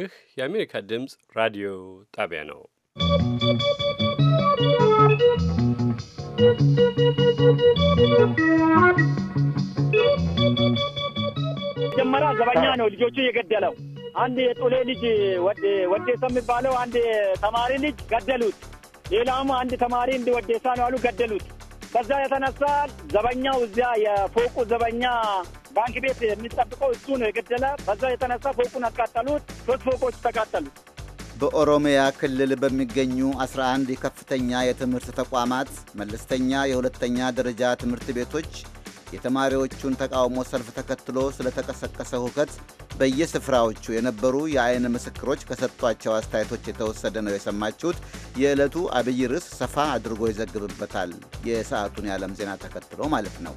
ይህ የአሜሪካ ድምፅ ራዲዮ ጣቢያ ነው። መጀመሪያ ዘበኛ ነው ልጆቹ የገደለው። አንድ የጡሌ ልጅ ወዴሳ የሚባለው አንድ ተማሪ ልጅ ገደሉት። ሌላም አንድ ተማሪ እንዲ ወዴሳ ነው አሉ ገደሉት። ከዛ የተነሳ ዘበኛው እዚያ የፎቁ ዘበኛ ባንክ ቤት የሚጠብቀው እሱ ነው የገደለ። በዛ የተነሳ ፎቁን አቃጠሉት። ሶስት ፎቆች ተቃጠሉ። በኦሮሚያ ክልል በሚገኙ 11 የከፍተኛ የትምህርት ተቋማት መለስተኛ የሁለተኛ ደረጃ ትምህርት ቤቶች የተማሪዎቹን ተቃውሞ ሰልፍ ተከትሎ ስለተቀሰቀሰ ሁከት በየስፍራዎቹ የነበሩ የአይን ምስክሮች ከሰጧቸው አስተያየቶች የተወሰደ ነው የሰማችሁት። የዕለቱ አብይ ርዕስ ሰፋ አድርጎ ይዘግብበታል። የሰዓቱን የዓለም ዜና ተከትሎ ማለት ነው።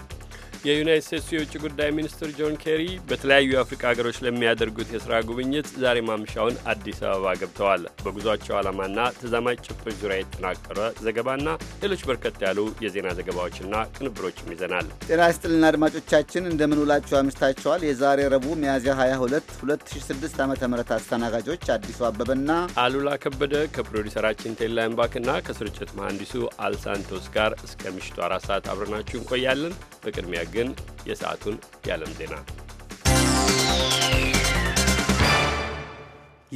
የዩናይት ስቴትስ የውጭ ጉዳይ ሚኒስትር ጆን ኬሪ በተለያዩ የአፍሪካ ሀገሮች ለሚያደርጉት የሥራ ጉብኝት ዛሬ ማምሻውን አዲስ አበባ ገብተዋል። በጉዟቸው ዓላማና ተዛማጅ ጭብጦች ዙሪያ የተጠናቀረ ዘገባና ሌሎች በርከት ያሉ የዜና ዘገባዎችና ቅንብሮችም ይዘናል። ጤና ይስጥልና አድማጮቻችን እንደምን ውላችሁ አምሽታችኋል። የዛሬ ረቡዕ ሚያዝያ 22 2006 ዓ ም አስተናጋጆች አዲሱ አበበና አሉላ ከበደ ከፕሮዲሰራችን ቴላይምባክና ከስርጭት መሐንዲሱ አልሳንቶስ ጋር እስከ ምሽቱ አራት ሰዓት አብረናችሁ እንቆያለን። በቅድሚያ ግን የሰዓቱን የዓለም ዜና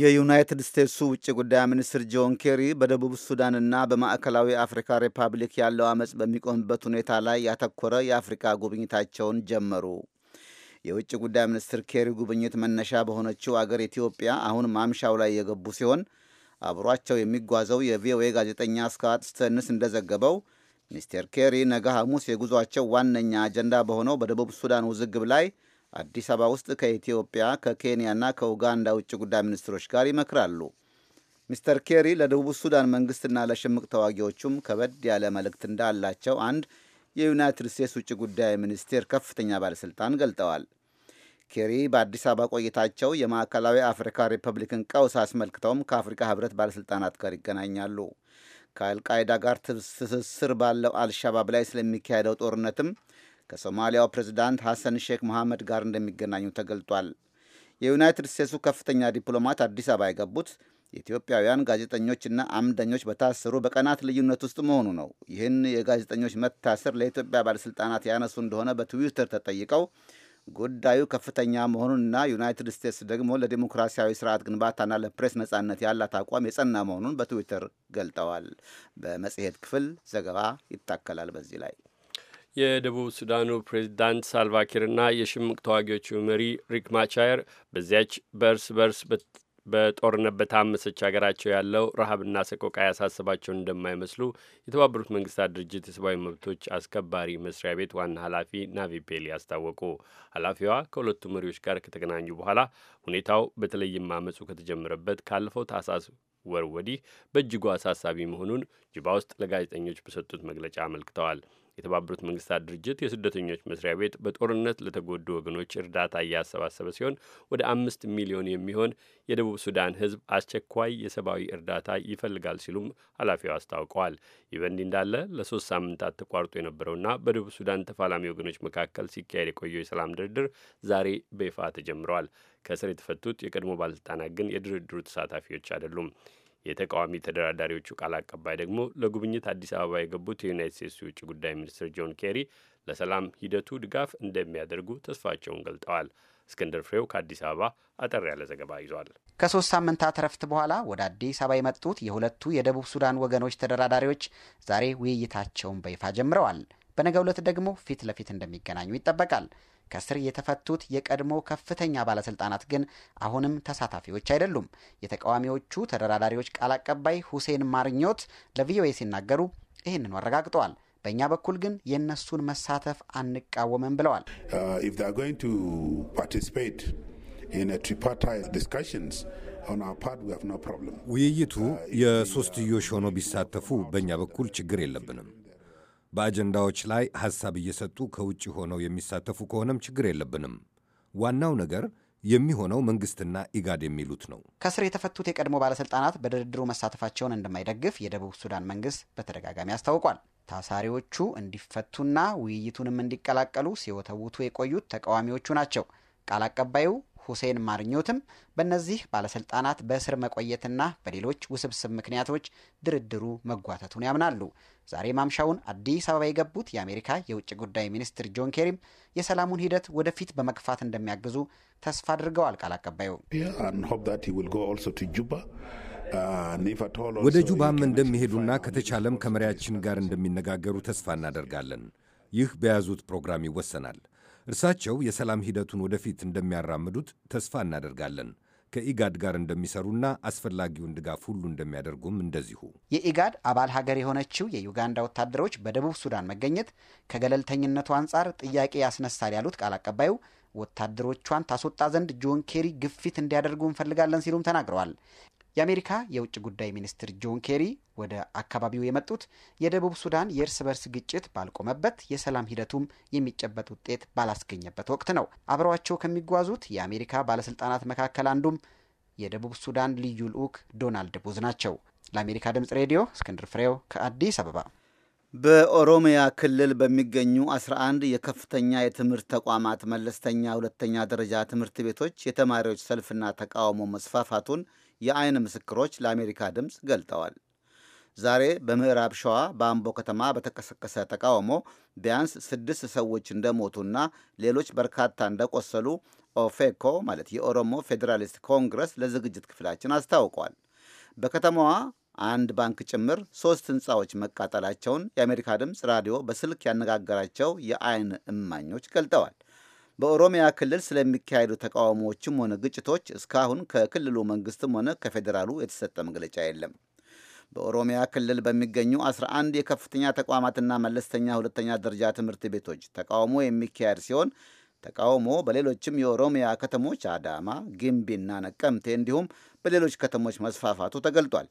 የዩናይትድ ስቴትሱ ውጭ ጉዳይ ሚኒስትር ጆን ኬሪ በደቡብ ሱዳንና በማዕከላዊ አፍሪካ ሪፐብሊክ ያለው አመፅ በሚቆምበት ሁኔታ ላይ ያተኮረ የአፍሪካ ጉብኝታቸውን ጀመሩ። የውጭ ጉዳይ ሚኒስትር ኬሪ ጉብኝት መነሻ በሆነችው አገር ኢትዮጵያ አሁን ማምሻው ላይ የገቡ ሲሆን አብሯቸው የሚጓዘው የቪኦኤ ጋዜጠኛ ስካት ስተንስ እንደዘገበው ሚስተር ኬሪ ነገ ሐሙስ የጉዟቸው ዋነኛ አጀንዳ በሆነው በደቡብ ሱዳን ውዝግብ ላይ አዲስ አበባ ውስጥ ከኢትዮጵያ ከኬንያና ከኡጋንዳ ውጭ ጉዳይ ሚኒስትሮች ጋር ይመክራሉ። ሚስተር ኬሪ ለደቡብ ሱዳን መንግስትና ለሽምቅ ተዋጊዎቹም ከበድ ያለ መልእክት እንዳላቸው አንድ የዩናይትድ ስቴትስ ውጭ ጉዳይ ሚኒስቴር ከፍተኛ ባለሥልጣን ገልጠዋል። ኬሪ በአዲስ አበባ ቆይታቸው የማዕከላዊ አፍሪካ ሪፐብሊክን ቀውስ አስመልክተውም ከአፍሪካ ህብረት ባለሥልጣናት ጋር ይገናኛሉ። ከአልቃይዳ ጋር ትስስር ባለው አልሻባብ ላይ ስለሚካሄደው ጦርነትም ከሶማሊያው ፕሬዚዳንት ሐሰን ሼክ መሐመድ ጋር እንደሚገናኙ ተገልጧል። የዩናይትድ ስቴትሱ ከፍተኛ ዲፕሎማት አዲስ አበባ የገቡት የኢትዮጵያውያን ጋዜጠኞችና አምደኞች በታሰሩ በቀናት ልዩነት ውስጥ መሆኑ ነው። ይህን የጋዜጠኞች መታሰር ለኢትዮጵያ ባለሥልጣናት ያነሱ እንደሆነ በትዊተር ተጠይቀው ጉዳዩ ከፍተኛ መሆኑንና ዩናይትድ ስቴትስ ደግሞ ለዲሞክራሲያዊ ስርዓት ግንባታና ለፕሬስ ነጻነት ያላት አቋም የጸና መሆኑን በትዊተር ገልጠዋል። በመጽሔት ክፍል ዘገባ ይታከላል። በዚህ ላይ የደቡብ ሱዳኑ ፕሬዚዳንት ሳልቫኪርና የሽምቅ ተዋጊዎቹ መሪ ሪክ ማቻየር በዚያች በርስ በርስ በጦርነት በታመሰች ሀገራቸው ያለው ረሃብና ሰቆቃ ያሳስባቸው እንደማይመስሉ የተባበሩት መንግስታት ድርጅት የሰብአዊ መብቶች አስከባሪ መስሪያ ቤት ዋና ኃላፊ ናቪ ፔሊ አስታወቁ። ኃላፊዋ ከሁለቱ መሪዎች ጋር ከተገናኙ በኋላ ሁኔታው በተለይም አመፁ ከተጀመረበት ካለፈው ታህሳስ ወር ወዲህ በእጅጉ አሳሳቢ መሆኑን ጅባ ውስጥ ለጋዜጠኞች በሰጡት መግለጫ አመልክተዋል። የተባበሩት መንግስታት ድርጅት የስደተኞች መስሪያ ቤት በጦርነት ለተጎዱ ወገኖች እርዳታ እያሰባሰበ ሲሆን ወደ አምስት ሚሊዮን የሚሆን የደቡብ ሱዳን ሕዝብ አስቸኳይ የሰብአዊ እርዳታ ይፈልጋል ሲሉም ኃላፊው አስታውቀዋል። ይህ በእንዲህ እንዳለ ለሶስት ሳምንታት ተቋርጦ የነበረውና በደቡብ ሱዳን ተፋላሚ ወገኖች መካከል ሲካሄድ የቆየው የሰላም ድርድር ዛሬ በይፋ ተጀምረዋል። ከእስር የተፈቱት የቀድሞ ባለስልጣናት ግን የድርድሩ ተሳታፊዎች አይደሉም። የተቃዋሚ ተደራዳሪዎቹ ቃል አቀባይ ደግሞ ለጉብኝት አዲስ አበባ የገቡት የዩናይት ስቴትስ የውጭ ጉዳይ ሚኒስትር ጆን ኬሪ ለሰላም ሂደቱ ድጋፍ እንደሚያደርጉ ተስፋቸውን ገልጠዋል። እስክንድር ፍሬው ከአዲስ አበባ አጠር ያለ ዘገባ ይዟል። ከሶስት ሳምንታት እረፍት በኋላ ወደ አዲስ አበባ የመጡት የሁለቱ የደቡብ ሱዳን ወገኖች ተደራዳሪዎች ዛሬ ውይይታቸውን በይፋ ጀምረዋል። በነገው ዕለት ደግሞ ፊት ለፊት እንደሚገናኙ ይጠበቃል። ከስር የተፈቱት የቀድሞ ከፍተኛ ባለስልጣናት ግን አሁንም ተሳታፊዎች አይደሉም። የተቃዋሚዎቹ ተደራዳሪዎች ቃል አቀባይ ሁሴን ማርኞት ለቪኦኤ ሲናገሩ ይህንኑ አረጋግጠዋል። በእኛ በኩል ግን የእነሱን መሳተፍ አንቃወምም ብለዋል። uh, ውይይቱ uh, የሶስትዮሽ ሆኖ ቢሳተፉ በእኛ በኩል ችግር የለብንም። በአጀንዳዎች ላይ ሐሳብ እየሰጡ ከውጭ ሆነው የሚሳተፉ ከሆነም ችግር የለብንም። ዋናው ነገር የሚሆነው መንግስትና ኢጋድ የሚሉት ነው። ከስር የተፈቱት የቀድሞ ባለስልጣናት በድርድሩ መሳተፋቸውን እንደማይደግፍ የደቡብ ሱዳን መንግስት በተደጋጋሚ አስታውቋል። ታሳሪዎቹ እንዲፈቱና ውይይቱንም እንዲቀላቀሉ ሲወተውቱ የቆዩት ተቃዋሚዎቹ ናቸው። ቃል አቀባዩ ሁሴን ማርኞትም በእነዚህ ባለስልጣናት በእስር መቆየትና በሌሎች ውስብስብ ምክንያቶች ድርድሩ መጓተቱን ያምናሉ። ዛሬ ማምሻውን አዲስ አበባ የገቡት የአሜሪካ የውጭ ጉዳይ ሚኒስትር ጆን ኬሪም የሰላሙን ሂደት ወደፊት በመግፋት እንደሚያግዙ ተስፋ አድርገዋል። ቃል አቀባዩ ወደ ጁባም እንደሚሄዱና ከተቻለም ከመሪያችን ጋር እንደሚነጋገሩ ተስፋ እናደርጋለን። ይህ በያዙት ፕሮግራም ይወሰናል። እርሳቸው የሰላም ሂደቱን ወደፊት እንደሚያራምዱት ተስፋ እናደርጋለን። ከኢጋድ ጋር እንደሚሰሩና አስፈላጊውን ድጋፍ ሁሉ እንደሚያደርጉም እንደዚሁ። የኢጋድ አባል ሀገር የሆነችው የዩጋንዳ ወታደሮች በደቡብ ሱዳን መገኘት ከገለልተኝነቱ አንጻር ጥያቄ ያስነሳል ያሉት ቃል አቀባዩ ወታደሮቿን ታስወጣ ዘንድ ጆን ኬሪ ግፊት እንዲያደርጉ እንፈልጋለን ሲሉም ተናግረዋል። የአሜሪካ የውጭ ጉዳይ ሚኒስትር ጆን ኬሪ ወደ አካባቢው የመጡት የደቡብ ሱዳን የእርስ በርስ ግጭት ባልቆመበት የሰላም ሂደቱም የሚጨበጥ ውጤት ባላስገኘበት ወቅት ነው። አብረዋቸው ከሚጓዙት የአሜሪካ ባለስልጣናት መካከል አንዱም የደቡብ ሱዳን ልዩ ልዑክ ዶናልድ ቡዝ ናቸው። ለአሜሪካ ድምጽ ሬዲዮ እስክንድር ፍሬው ከአዲስ አበባ። በኦሮሚያ ክልል በሚገኙ 11 የከፍተኛ የትምህርት ተቋማት መለስተኛ ሁለተኛ ደረጃ ትምህርት ቤቶች የተማሪዎች ሰልፍና ተቃውሞ መስፋፋቱን የአይን ምስክሮች ለአሜሪካ ድምፅ ገልጠዋል። ዛሬ በምዕራብ ሸዋ በአምቦ ከተማ በተቀሰቀሰ ተቃውሞ ቢያንስ ስድስት ሰዎች እንደሞቱና ሌሎች በርካታ እንደቆሰሉ ኦፌኮ ማለት የኦሮሞ ፌዴራሊስት ኮንግረስ ለዝግጅት ክፍላችን አስታውቋል። በከተማዋ አንድ ባንክ ጭምር ሶስት ህንፃዎች መቃጠላቸውን የአሜሪካ ድምፅ ራዲዮ በስልክ ያነጋገራቸው የአይን እማኞች ገልጠዋል። በኦሮሚያ ክልል ስለሚካሄዱ ተቃውሞዎችም ሆነ ግጭቶች እስካሁን ከክልሉ መንግስትም ሆነ ከፌዴራሉ የተሰጠ መግለጫ የለም። በኦሮሚያ ክልል በሚገኙ 11 የከፍተኛ ተቋማትና መለስተኛ ሁለተኛ ደረጃ ትምህርት ቤቶች ተቃውሞ የሚካሄድ ሲሆን ተቃውሞ በሌሎችም የኦሮሚያ ከተሞች አዳማ፣ ጊምቢና ነቀምቴ እንዲሁም በሌሎች ከተሞች መስፋፋቱ ተገልጧል።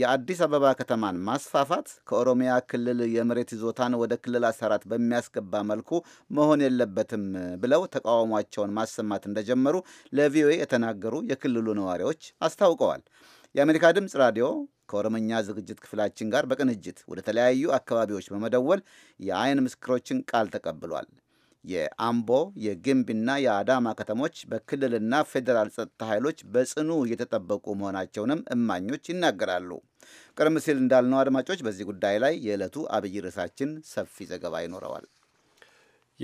የአዲስ አበባ ከተማን ማስፋፋት ከኦሮሚያ ክልል የመሬት ይዞታን ወደ ክልል አሰራት በሚያስገባ መልኩ መሆን የለበትም ብለው ተቃውሟቸውን ማሰማት እንደጀመሩ ለቪኦኤ የተናገሩ የክልሉ ነዋሪዎች አስታውቀዋል። የአሜሪካ ድምፅ ራዲዮ ከኦሮምኛ ዝግጅት ክፍላችን ጋር በቅንጅት ወደ ተለያዩ አካባቢዎች በመደወል የአይን ምስክሮችን ቃል ተቀብሏል። የአምቦ የግንቢና የአዳማ ከተሞች በክልልና ፌዴራል ጸጥታ ኃይሎች በጽኑ እየተጠበቁ መሆናቸውንም እማኞች ይናገራሉ። ቀደም ሲል እንዳልነው አድማጮች፣ በዚህ ጉዳይ ላይ የዕለቱ አብይ ርዕሳችን ሰፊ ዘገባ ይኖረዋል።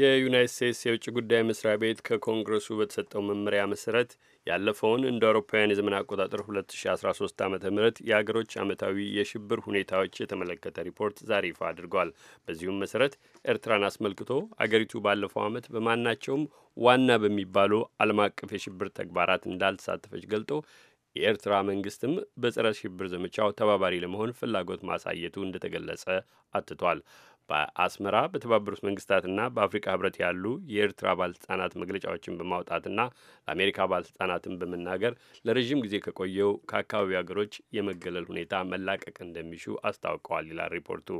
የዩናይት ስቴትስ የውጭ ጉዳይ መስሪያ ቤት ከኮንግረሱ በተሰጠው መመሪያ መሰረት ያለፈውን እንደ አውሮፓውያን የዘመን አቆጣጠር 2013 ዓ ም የአገሮች ዓመታዊ የሽብር ሁኔታዎች የተመለከተ ሪፖርት ዛሬ ይፋ አድርጓል። በዚሁም መሰረት ኤርትራን አስመልክቶ አገሪቱ ባለፈው ዓመት በማናቸውም ዋና በሚባሉ ዓለም አቀፍ የሽብር ተግባራት እንዳልተሳተፈች ገልጦ የኤርትራ መንግስትም በጸረ ሽብር ዘመቻው ተባባሪ ለመሆን ፍላጎት ማሳየቱ እንደተገለጸ አትቷል። በአስመራ በተባበሩት መንግስታትና በአፍሪካ ህብረት ያሉ የኤርትራ ባለስልጣናት መግለጫዎችን በማውጣትና ለአሜሪካ ባለስልጣናትን በመናገር ለረዥም ጊዜ ከቆየው ከአካባቢው ሀገሮች የመገለል ሁኔታ መላቀቅ እንደሚሹ አስታውቀዋል ይላል ሪፖርቱ።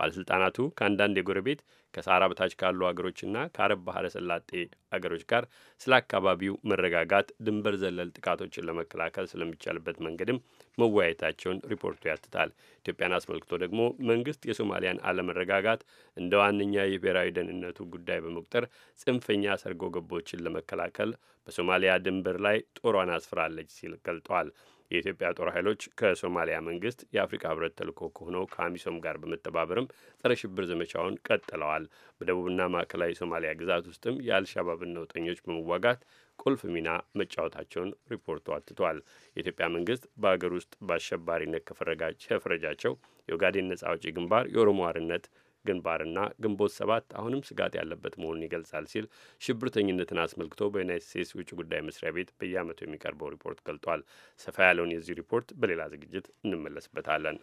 ባለስልጣናቱ ከአንዳንድ የጎረቤት ከሳራ በታች ካሉ አገሮችና ከአረብ ባህረ ሰላጤ አገሮች ጋር ስለ አካባቢው መረጋጋት፣ ድንበር ዘለል ጥቃቶችን ለመከላከል ስለሚቻልበት መንገድም መወያየታቸውን ሪፖርቱ ያትታል። ኢትዮጵያን አስመልክቶ ደግሞ መንግስት የሶማሊያን አለመረጋጋት እንደ ዋነኛ የብሔራዊ ደህንነቱ ጉዳይ በመቁጠር ጽንፈኛ ሰርጎ ገቦችን ለመከላከል በሶማሊያ ድንበር ላይ ጦሯን አስፍራለች ሲል ገልጠዋል። የኢትዮጵያ ጦር ኃይሎች ከሶማሊያ መንግስት የአፍሪካ ህብረት ተልዕኮ ከሆነው ከአሚሶም ጋር በመተባበርም ጸረ ሽብር ዘመቻውን ቀጥለዋል። በደቡብና ማዕከላዊ ሶማሊያ ግዛት ውስጥም የአልሻባብን ነውጠኞች በመዋጋት ቁልፍ ሚና መጫወታቸውን ሪፖርቱ አትቷል። የኢትዮጵያ መንግስት በአገር ውስጥ በአሸባሪነት ከፈረጃቸው የኦጋዴን ነጻ አውጪ ግንባር፣ የኦሮሞ አርነት ግንባርና ግንቦት ሰባት አሁንም ስጋት ያለበት መሆኑን ይገልጻል ሲል ሽብርተኝነትን አስመልክቶ በዩናይት ስቴትስ የውጭ ጉዳይ መስሪያ ቤት በየዓመቱ የሚቀርበው ሪፖርት ገልጧል። ሰፋ ያለውን የዚህ ሪፖርት በሌላ ዝግጅት እንመለስበታለን።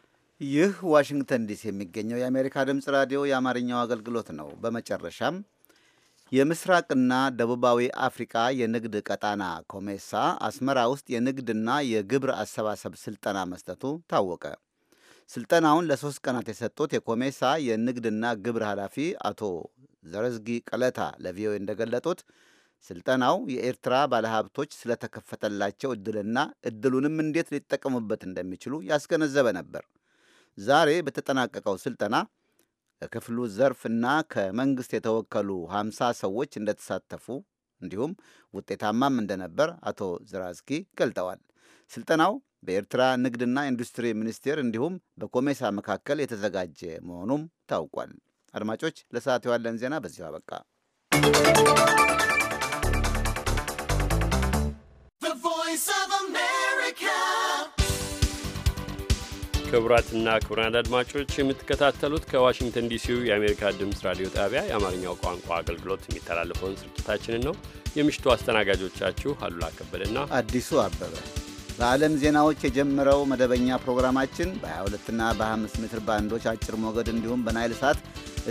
ይህ ዋሽንግተን ዲሲ የሚገኘው የአሜሪካ ድምፅ ራዲዮ የአማርኛው አገልግሎት ነው። በመጨረሻም የምስራቅና ደቡባዊ አፍሪካ የንግድ ቀጣና ኮሜሳ አስመራ ውስጥ የንግድና የግብር አሰባሰብ ስልጠና መስጠቱ ታወቀ። ስልጠናውን ለሶስት ቀናት የሰጡት የኮሜሳ የንግድና ግብር ኃላፊ አቶ ዘረዝጊ ቀለታ ለቪኦኤ እንደገለጡት ስልጠናው የኤርትራ ባለሀብቶች ስለተከፈተላቸው እድልና እድሉንም እንዴት ሊጠቀሙበት እንደሚችሉ ያስገነዘበ ነበር። ዛሬ በተጠናቀቀው ስልጠና ከክፍሉ ዘርፍ እና ከመንግስት የተወከሉ ሀምሳ ሰዎች እንደተሳተፉ እንዲሁም ውጤታማም እንደነበር አቶ ዝራዝኪ ገልጠዋል። ስልጠናው በኤርትራ ንግድና ኢንዱስትሪ ሚኒስቴር እንዲሁም በኮሜሳ መካከል የተዘጋጀ መሆኑም ታውቋል። አድማጮች፣ ለሰዓት የዋለን ዜና በዚሁ አበቃ። ክቡራትና ክቡራን አድማጮች የምትከታተሉት ከዋሽንግተን ዲሲው የአሜሪካ ድምፅ ራዲዮ ጣቢያ የአማርኛው ቋንቋ አገልግሎት የሚተላለፈውን ስርጭታችንን ነው። የምሽቱ አስተናጋጆቻችሁ አሉላ ከበደና አዲሱ አበበ በዓለም ዜናዎች የጀመረው መደበኛ ፕሮግራማችን በ22ና በ25 ሜትር ባንዶች አጭር ሞገድ እንዲሁም በናይል ሳት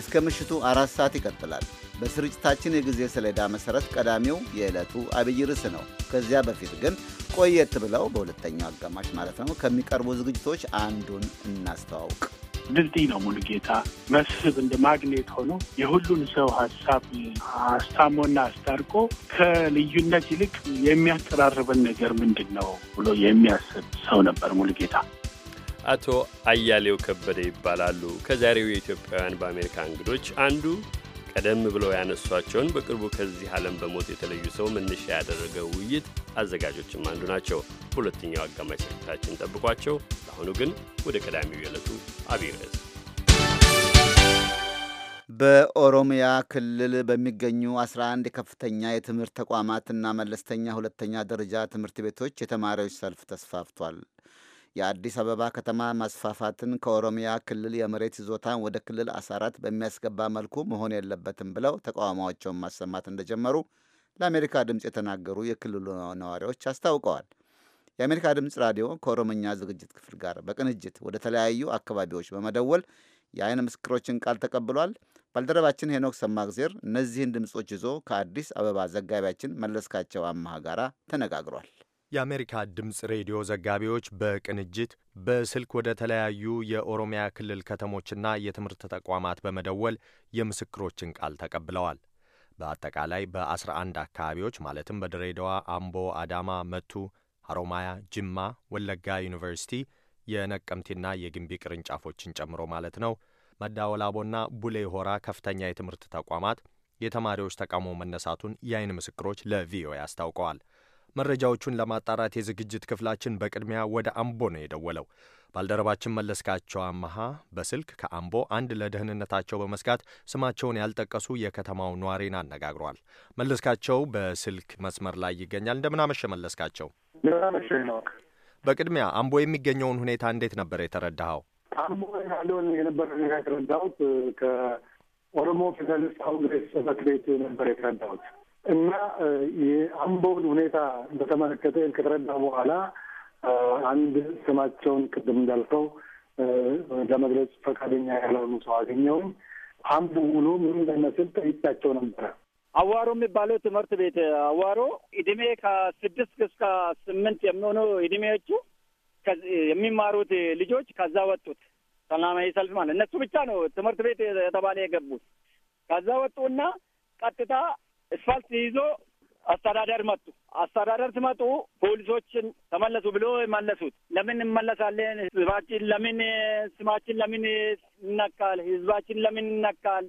እስከ ምሽቱ አራት ሰዓት ይቀጥላል። በስርጭታችን የጊዜ ሰሌዳ መሠረት ቀዳሚው የዕለቱ አብይ ርዕስ ነው። ከዚያ በፊት ግን ቆየት ብለው በሁለተኛው አጋማሽ ማለት ነው ከሚቀርቡ ዝግጅቶች አንዱን እናስተዋውቅ። ድልድይ ነው ሙሉጌታ መስህብ እንደ ማግኔት ሆኖ የሁሉን ሰው ሀሳብ አስታሞና አስታርቆ ከልዩነት ይልቅ የሚያቀራርበን ነገር ምንድን ነው ብሎ የሚያስብ ሰው ነበር ሙሉጌታ። አቶ አያሌው ከበደ ይባላሉ። ከዛሬው የኢትዮጵያውያን በአሜሪካ እንግዶች አንዱ ቀደም ብለው ያነሷቸውን በቅርቡ ከዚህ ዓለም በሞት የተለዩ ሰው መነሻ ያደረገ ውይይት አዘጋጆችም አንዱ ናቸው። ሁለተኛው አጋማሽ ስርጭታችን ጠብቋቸው። ለአሁኑ ግን ወደ ቀዳሚው የዕለቱ አብይ ርዕስ በኦሮሚያ ክልል በሚገኙ 11 ከፍተኛ የትምህርት ተቋማትና መለስተኛ ሁለተኛ ደረጃ ትምህርት ቤቶች የተማሪዎች ሰልፍ ተስፋፍቷል። የአዲስ አበባ ከተማ ማስፋፋትን ከኦሮሚያ ክልል የመሬት ይዞታን ወደ ክልል አሳራት በሚያስገባ መልኩ መሆን የለበትም ብለው ተቃውሟቸውን ማሰማት እንደጀመሩ ለአሜሪካ ድምፅ የተናገሩ የክልሉ ነዋሪዎች አስታውቀዋል። የአሜሪካ ድምፅ ራዲዮ ከኦሮምኛ ዝግጅት ክፍል ጋር በቅንጅት ወደ ተለያዩ አካባቢዎች በመደወል የአይን ምስክሮችን ቃል ተቀብሏል። ባልደረባችን ሄኖክ ሰማግዜር እነዚህን ድምፆች ይዞ ከአዲስ አበባ ዘጋቢያችን መለስካቸው አማሃ ጋራ ተነጋግሯል። የአሜሪካ ድምፅ ሬዲዮ ዘጋቢዎች በቅንጅት በስልክ ወደ ተለያዩ የኦሮሚያ ክልል ከተሞችና የትምህርት ተቋማት በመደወል የምስክሮችን ቃል ተቀብለዋል። በአጠቃላይ በ11 አካባቢዎች ማለትም በድሬዳዋ፣ አምቦ፣ አዳማ፣ መቱ፣ ሐሮማያ፣ ጅማ፣ ወለጋ ዩኒቨርሲቲ የነቀምቴና የግንቢ ቅርንጫፎችን ጨምሮ ማለት ነው መዳወላቦና ቡሌ ሆራ ከፍተኛ የትምህርት ተቋማት የተማሪዎች ተቃውሞ መነሳቱን የአይን ምስክሮች ለቪኦኤ አስታውቀዋል። መረጃዎቹን ለማጣራት የዝግጅት ክፍላችን በቅድሚያ ወደ አምቦ ነው የደወለው። ባልደረባችን መለስካቸው አመሃ በስልክ ከአምቦ አንድ ለደህንነታቸው በመስጋት ስማቸውን ያልጠቀሱ የከተማው ነዋሪን አነጋግሯል። መለስካቸው በስልክ መስመር ላይ ይገኛል። እንደምናመሸ መለስካቸው። እንደምናመሸ በቅድሚያ አምቦ የሚገኘውን ሁኔታ እንዴት ነበር የተረዳኸው? አምቦ ያለውን የነበረ ሁኔታ የተረዳሁት ከኦሮሞ ፌዴራሊስት ኮንግሬስ ጽሕፈት ቤት ነበር የተረዳሁት። እና የአምቦውን ሁኔታ በተመለከተ ከተረዳ በኋላ አንድ ስማቸውን ቅድም እንዳልከው ለመግለጽ ፈቃደኛ ያልሆኑ ሰው አገኘውም። አምቦ ውሎ ምን እንደመስል ጠይቄያቸው ነበረ። አዋሮ የሚባለው ትምህርት ቤት አዋሮ እድሜ ከስድስት እስከ ስምንት የሚሆኑ እድሜዎቹ የሚማሩት ልጆች ከዛ ወጡት። ሰላማዊ ሰልፍ ማለት እነሱ ብቻ ነው ትምህርት ቤት የተባለ የገቡት። ከዛ ወጡና ቀጥታ እስፋልት ይዞ አስተዳደር መጡ። አስተዳደር ሲመጡ ፖሊሶችን ተመለሱ ብሎ መለሱት። ለምን እንመለሳለን? ህዝባችን ለምን ስማችን ለምን ይነካል? ህዝባችን ለምን ይነካል?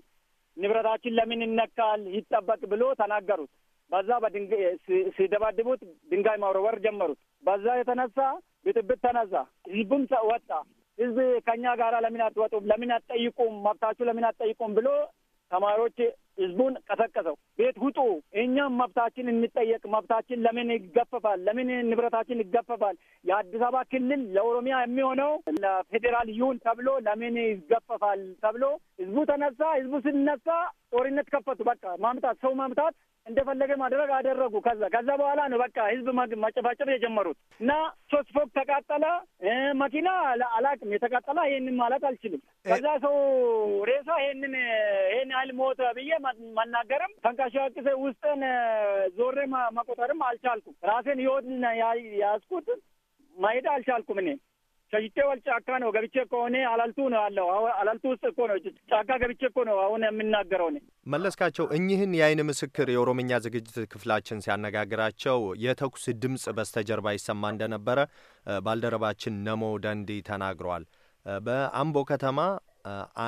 ንብረታችን ለምን ይነካል? ይጠበቅ ብሎ ተናገሩት። በዛ ሲደባድቡት ድንጋይ ማውረወር ጀመሩት። በዛ የተነሳ ብጥብጥ ተነሳ። ህዝቡም ወጣ። ህዝብ ከኛ ጋራ ለምን አትወጡም? ለምን አትጠይቁም? መብታችሁ ለምን አትጠይቁም ብሎ ተማሪዎች ህዝቡን ቀሰቀሰው። ቤት ውጡ፣ እኛም መብታችን እንጠየቅ፣ መብታችን ለምን ይገፈፋል? ለምን ንብረታችን ይገፈፋል? የአዲስ አበባ ክልል ለኦሮሚያ የሚሆነው ለፌዴራል ይሁን ተብሎ ለምን ይገፈፋል? ተብሎ ህዝቡ ተነሳ። ህዝቡ ስነሳ ጦርነት ከፈቱ። በቃ ማምጣት ሰው ማምጣት እንደፈለገ ማድረግ አደረጉ። ከዛ ከዛ በኋላ ነው በቃ ህዝብ ማጨፋጨፍ የጀመሩት እና ሶስት ፎቅ ተቃጠለ። መኪና አላቅም የተቃጠለ ይህንን ማለት አልችልም። ከዛ ሰው ሬሳ ይህንን ይህን ያህል ሞተ ብዬ መናገርም ተንቀሳቅሼ ውስጥን ዞሬ መቆጠርም አልቻልኩም። ራሴን ህይወት ያስኩት መሄድ አልቻልኩም። እኔ ሸሽቼ ወል ጫካ ነው ገብቼ እኮ ከሆነ አላልቱ ነው አለው አላልቱ ውስጥ እኮ ነው ጫካ ገብቼ እኮ ነው አሁን የምናገረው እኔ። መለስካቸው እኚህን የአይን ምስክር የኦሮምኛ ዝግጅት ክፍላችን ሲያነጋግራቸው የተኩስ ድምፅ በስተጀርባ ይሰማ እንደነበረ ባልደረባችን ነሞ ደንዲ ተናግረዋል። በአምቦ ከተማ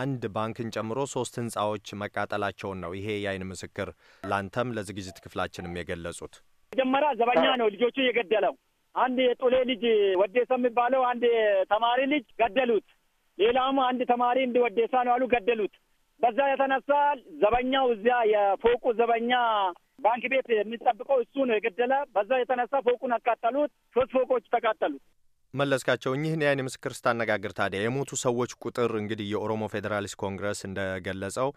አንድ ባንክን ጨምሮ ሶስት ህንጻዎች መቃጠላቸውን ነው ይሄ የአይን ምስክር ላንተም ለዝግጅት ክፍላችንም የገለጹት። መጀመሪያ ዘበኛ ነው ልጆቹ የገደለው። አንድ የጡሌ ልጅ ወዴሳ የሚባለው አንድ ተማሪ ልጅ ገደሉት። ሌላውም አንድ ተማሪ እንዲ ወዴሳ ነው ያሉ ገደሉት። በዛ የተነሳ ዘበኛው እዚያ የፎቁ ዘበኛ ባንክ ቤት የሚጠብቀው እሱ ነው የገደለ። በዛ የተነሳ ፎቁን አቃጠሉት። ሶስት ፎቆች ተቃጠሉት። መለስካቸው እኚህን ያን ምስክር ስታነጋግር ታዲያ የሞቱ ሰዎች ቁጥር እንግዲህ የኦሮሞ ፌዴራሊስት ኮንግረስ እንደገለጸው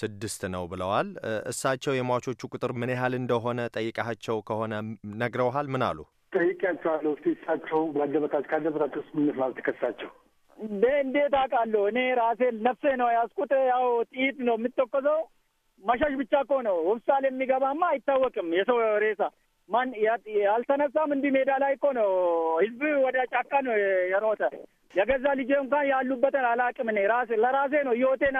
ስድስት ነው ብለዋል። እሳቸው የሟቾቹ ቁጥር ምን ያህል እንደሆነ ጠይቃቸው ከሆነ ነግረውሃል? ምን አሉ? ጠይቄያቸዋለሁ። እስቲ እሳቸው ባለበታቸው ካለበታቸው ስምምነት ማለት ከሳቸው እንዴት አውቃለሁ? እኔ ራሴ ነፍሴ ነው ያስቁት። ያው ጥይት ነው የምትተኮሰው። መሸሽ ብቻ እኮ ነው። ውብሳል የሚገባማ አይታወቅም የሰው ሬሳ ማን ያልተነሳም እንዲህ ሜዳ ላይ እኮ ነው ህዝብ ወደ ጫካ ነው የሮጠ። የገዛ ልጄ እንኳን ያሉበትን አላቅም። እኔ ራሴ ለራሴ ነው ህይወቴን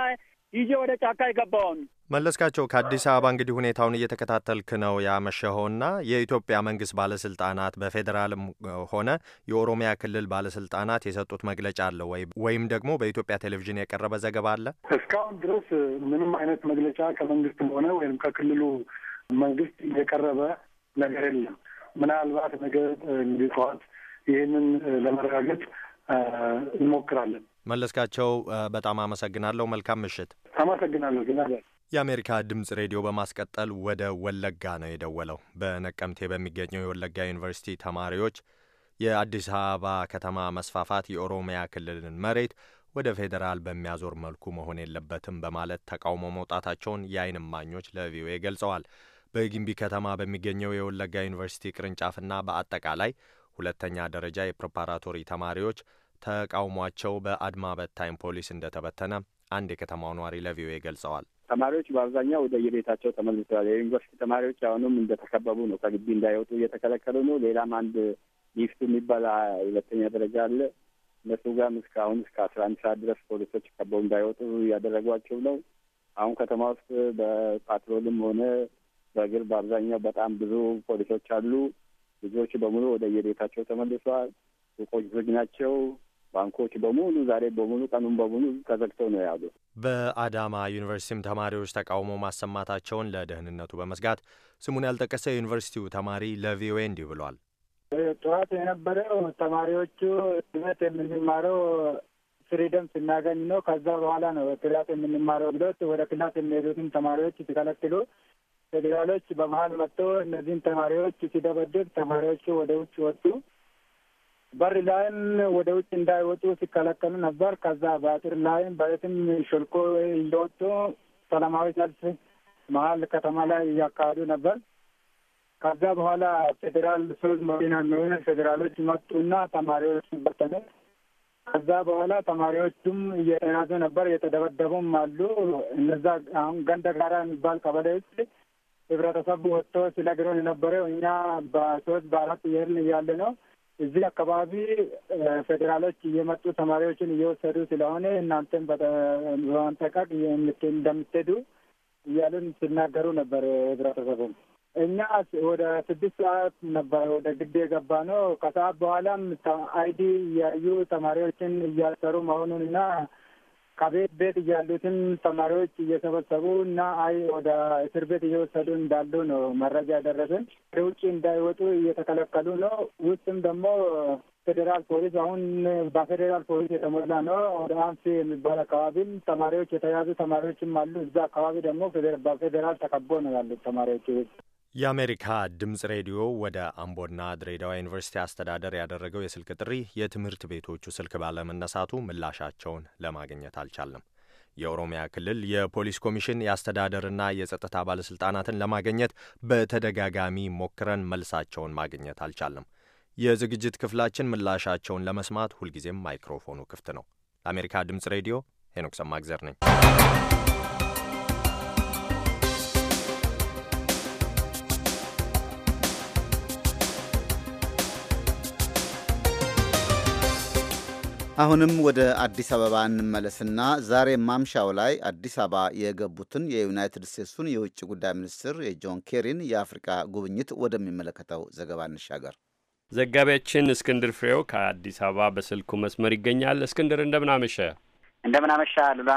ይዤ ወደ ጫካ የገባውን። መለስካቸው፣ ከአዲስ አበባ እንግዲህ ሁኔታውን እየተከታተልክ ነው ያመሸኸውና የኢትዮጵያ መንግስት ባለስልጣናት በፌዴራልም ሆነ የኦሮሚያ ክልል ባለስልጣናት የሰጡት መግለጫ አለ ወይ? ወይም ደግሞ በኢትዮጵያ ቴሌቪዥን የቀረበ ዘገባ አለ? እስካሁን ድረስ ምንም አይነት መግለጫ ከመንግስትም ሆነ ወይም ከክልሉ መንግስት የቀረበ ነገር የለም። ምናልባት ነገ እንግዲህ ጠዋት ይህንን ለመረጋገጥ እንሞክራለን። መለስካቸው፣ በጣም አመሰግናለሁ። መልካም ምሽት። አመሰግናለሁ ግና የአሜሪካ ድምፅ ሬዲዮ በማስቀጠል ወደ ወለጋ ነው የደወለው። በነቀምቴ በሚገኘው የወለጋ ዩኒቨርሲቲ ተማሪዎች የአዲስ አበባ ከተማ መስፋፋት የኦሮሚያ ክልልን መሬት ወደ ፌዴራል በሚያዞር መልኩ መሆን የለበትም በማለት ተቃውሞ መውጣታቸውን የዓይን እማኞች ለቪኦኤ ገልጸዋል። በጊምቢ ከተማ በሚገኘው የወለጋ ዩኒቨርሲቲ ቅርንጫፍና በአጠቃላይ ሁለተኛ ደረጃ የፕሪፓራቶሪ ተማሪዎች ተቃውሟቸው በአድማ በታይም ፖሊስ እንደተበተነ አንድ የከተማው ነዋሪ ለቪኦኤ ገልጸዋል። ተማሪዎች በአብዛኛው ወደ የቤታቸው ተመልሰዋል። የዩኒቨርሲቲ ተማሪዎች አሁንም እንደተከበቡ ነው። ከግቢ እንዳይወጡ እየተከለከሉ ነው። ሌላም አንድ ሊፍቱ የሚባል ሁለተኛ ደረጃ አለ። እነሱ ጋርም እስካሁን እስከ አስራ አንድ ሰዓት ድረስ ፖሊሶች ከበው እንዳይወጡ እያደረጓቸው ነው። አሁን ከተማ ውስጥ በፓትሮልም ሆነ በእግር በአብዛኛው በጣም ብዙ ፖሊሶች አሉ። ልጆች በሙሉ ወደ የቤታቸው ተመልሷል። ሱቆች ዝግ ናቸው። ባንኮች በሙሉ ዛሬ በሙሉ ቀኑን በሙሉ ተዘግተው ነው ያሉ በአዳማ ዩኒቨርሲቲም ተማሪዎች ተቃውሞ ማሰማታቸውን ለደህንነቱ በመስጋት ስሙን ያልጠቀሰ ዩኒቨርሲቲው ተማሪ ለቪኦኤ እንዲህ ብሏል። ጠዋት የነበረው ተማሪዎቹ ትምህርት የምንማረው ፍሪደም ስናገኝ ነው ከዛ በኋላ ነው ክላስ የምንማረው ብሎት ወደ ክላስ የሚሄዱትን ተማሪዎች ሲከለክሉ ፌዴራሎች በመሀል መጥቶ እነዚህን ተማሪዎች ሲደበድብ ተማሪዎቹ ወደ ውጭ ወጡ። በር ላይም ወደ ውጭ እንዳይወጡ ሲከለከሉ ነበር። ከዛ በአጥር ላይም በየትም ሾልኮ እንደወጡ ሰላማዊ ሰልፍ መሀል ከተማ ላይ እያካሄዱ ነበር። ከዛ በኋላ ፌዴራል ሶስት መኪና የሚሆነ ፌዴራሎች መጡና ተማሪዎች በተነ። ከዛ በኋላ ተማሪዎቹም እየተያዙ ነበር፣ እየተደበደቡም አሉ። እነዛ አሁን ገንደ ጋራ የሚባል ቀበሌ ውስጥ ህብረተሰቡ ወጥቶ ሲነግረን የነበረው እኛ በሶስት በአራት እየሄድን እያለ ነው እዚህ አካባቢ ፌዴራሎች እየመጡ ተማሪዎችን እየወሰዱ ስለሆነ እናንተም በመንጠቀቅ እንደምትሄዱ እያሉን ሲናገሩ ነበር። ህብረተሰቡም እኛ ወደ ስድስት ሰዓት ነበር ወደ ግድ የገባ ነው። ከሰዓት በኋላም አይዲ እያዩ ተማሪዎችን እያሰሩ መሆኑን እና ከቤት ቤት እያሉትን ተማሪዎች እየሰበሰቡ እና አይ ወደ እስር ቤት እየወሰዱ እንዳሉ ነው መረጃ ደረሰን። ወደ ውጭ እንዳይወጡ እየተከለከሉ ነው። ውስጥም ደግሞ ፌዴራል ፖሊስ አሁን በፌዴራል ፖሊስ የተሞላ ነው። ወደ አንፊ የሚባል አካባቢም ተማሪዎች የተያዙ ተማሪዎችም አሉ። እዛ አካባቢ ደግሞ በፌዴራል ተከቦ ነው ያሉት ተማሪዎች። የአሜሪካ ድምፅ ሬዲዮ ወደ አምቦና ድሬዳዋ ዩኒቨርሲቲ አስተዳደር ያደረገው የስልክ ጥሪ የትምህርት ቤቶቹ ስልክ ባለመነሳቱ ምላሻቸውን ለማግኘት አልቻለም። የኦሮሚያ ክልል የፖሊስ ኮሚሽን የአስተዳደርና የጸጥታ ባለሥልጣናትን ለማግኘት በተደጋጋሚ ሞክረን መልሳቸውን ማግኘት አልቻለም። የዝግጅት ክፍላችን ምላሻቸውን ለመስማት ሁልጊዜም ማይክሮፎኑ ክፍት ነው። ለአሜሪካ ድምፅ ሬዲዮ ሄኖክ ሰማግዘር ነኝ። አሁንም ወደ አዲስ አበባ እንመለስና ዛሬ ማምሻው ላይ አዲስ አበባ የገቡትን የዩናይትድ ስቴትሱን የውጭ ጉዳይ ሚኒስትር የጆን ኬሪን የአፍሪካ ጉብኝት ወደሚመለከተው ዘገባ እንሻገር። ዘጋቢያችን እስክንድር ፍሬው ከአዲስ አበባ በስልኩ መስመር ይገኛል። እስክንድር እንደምናመሸ እንደምናመሻ አሉላ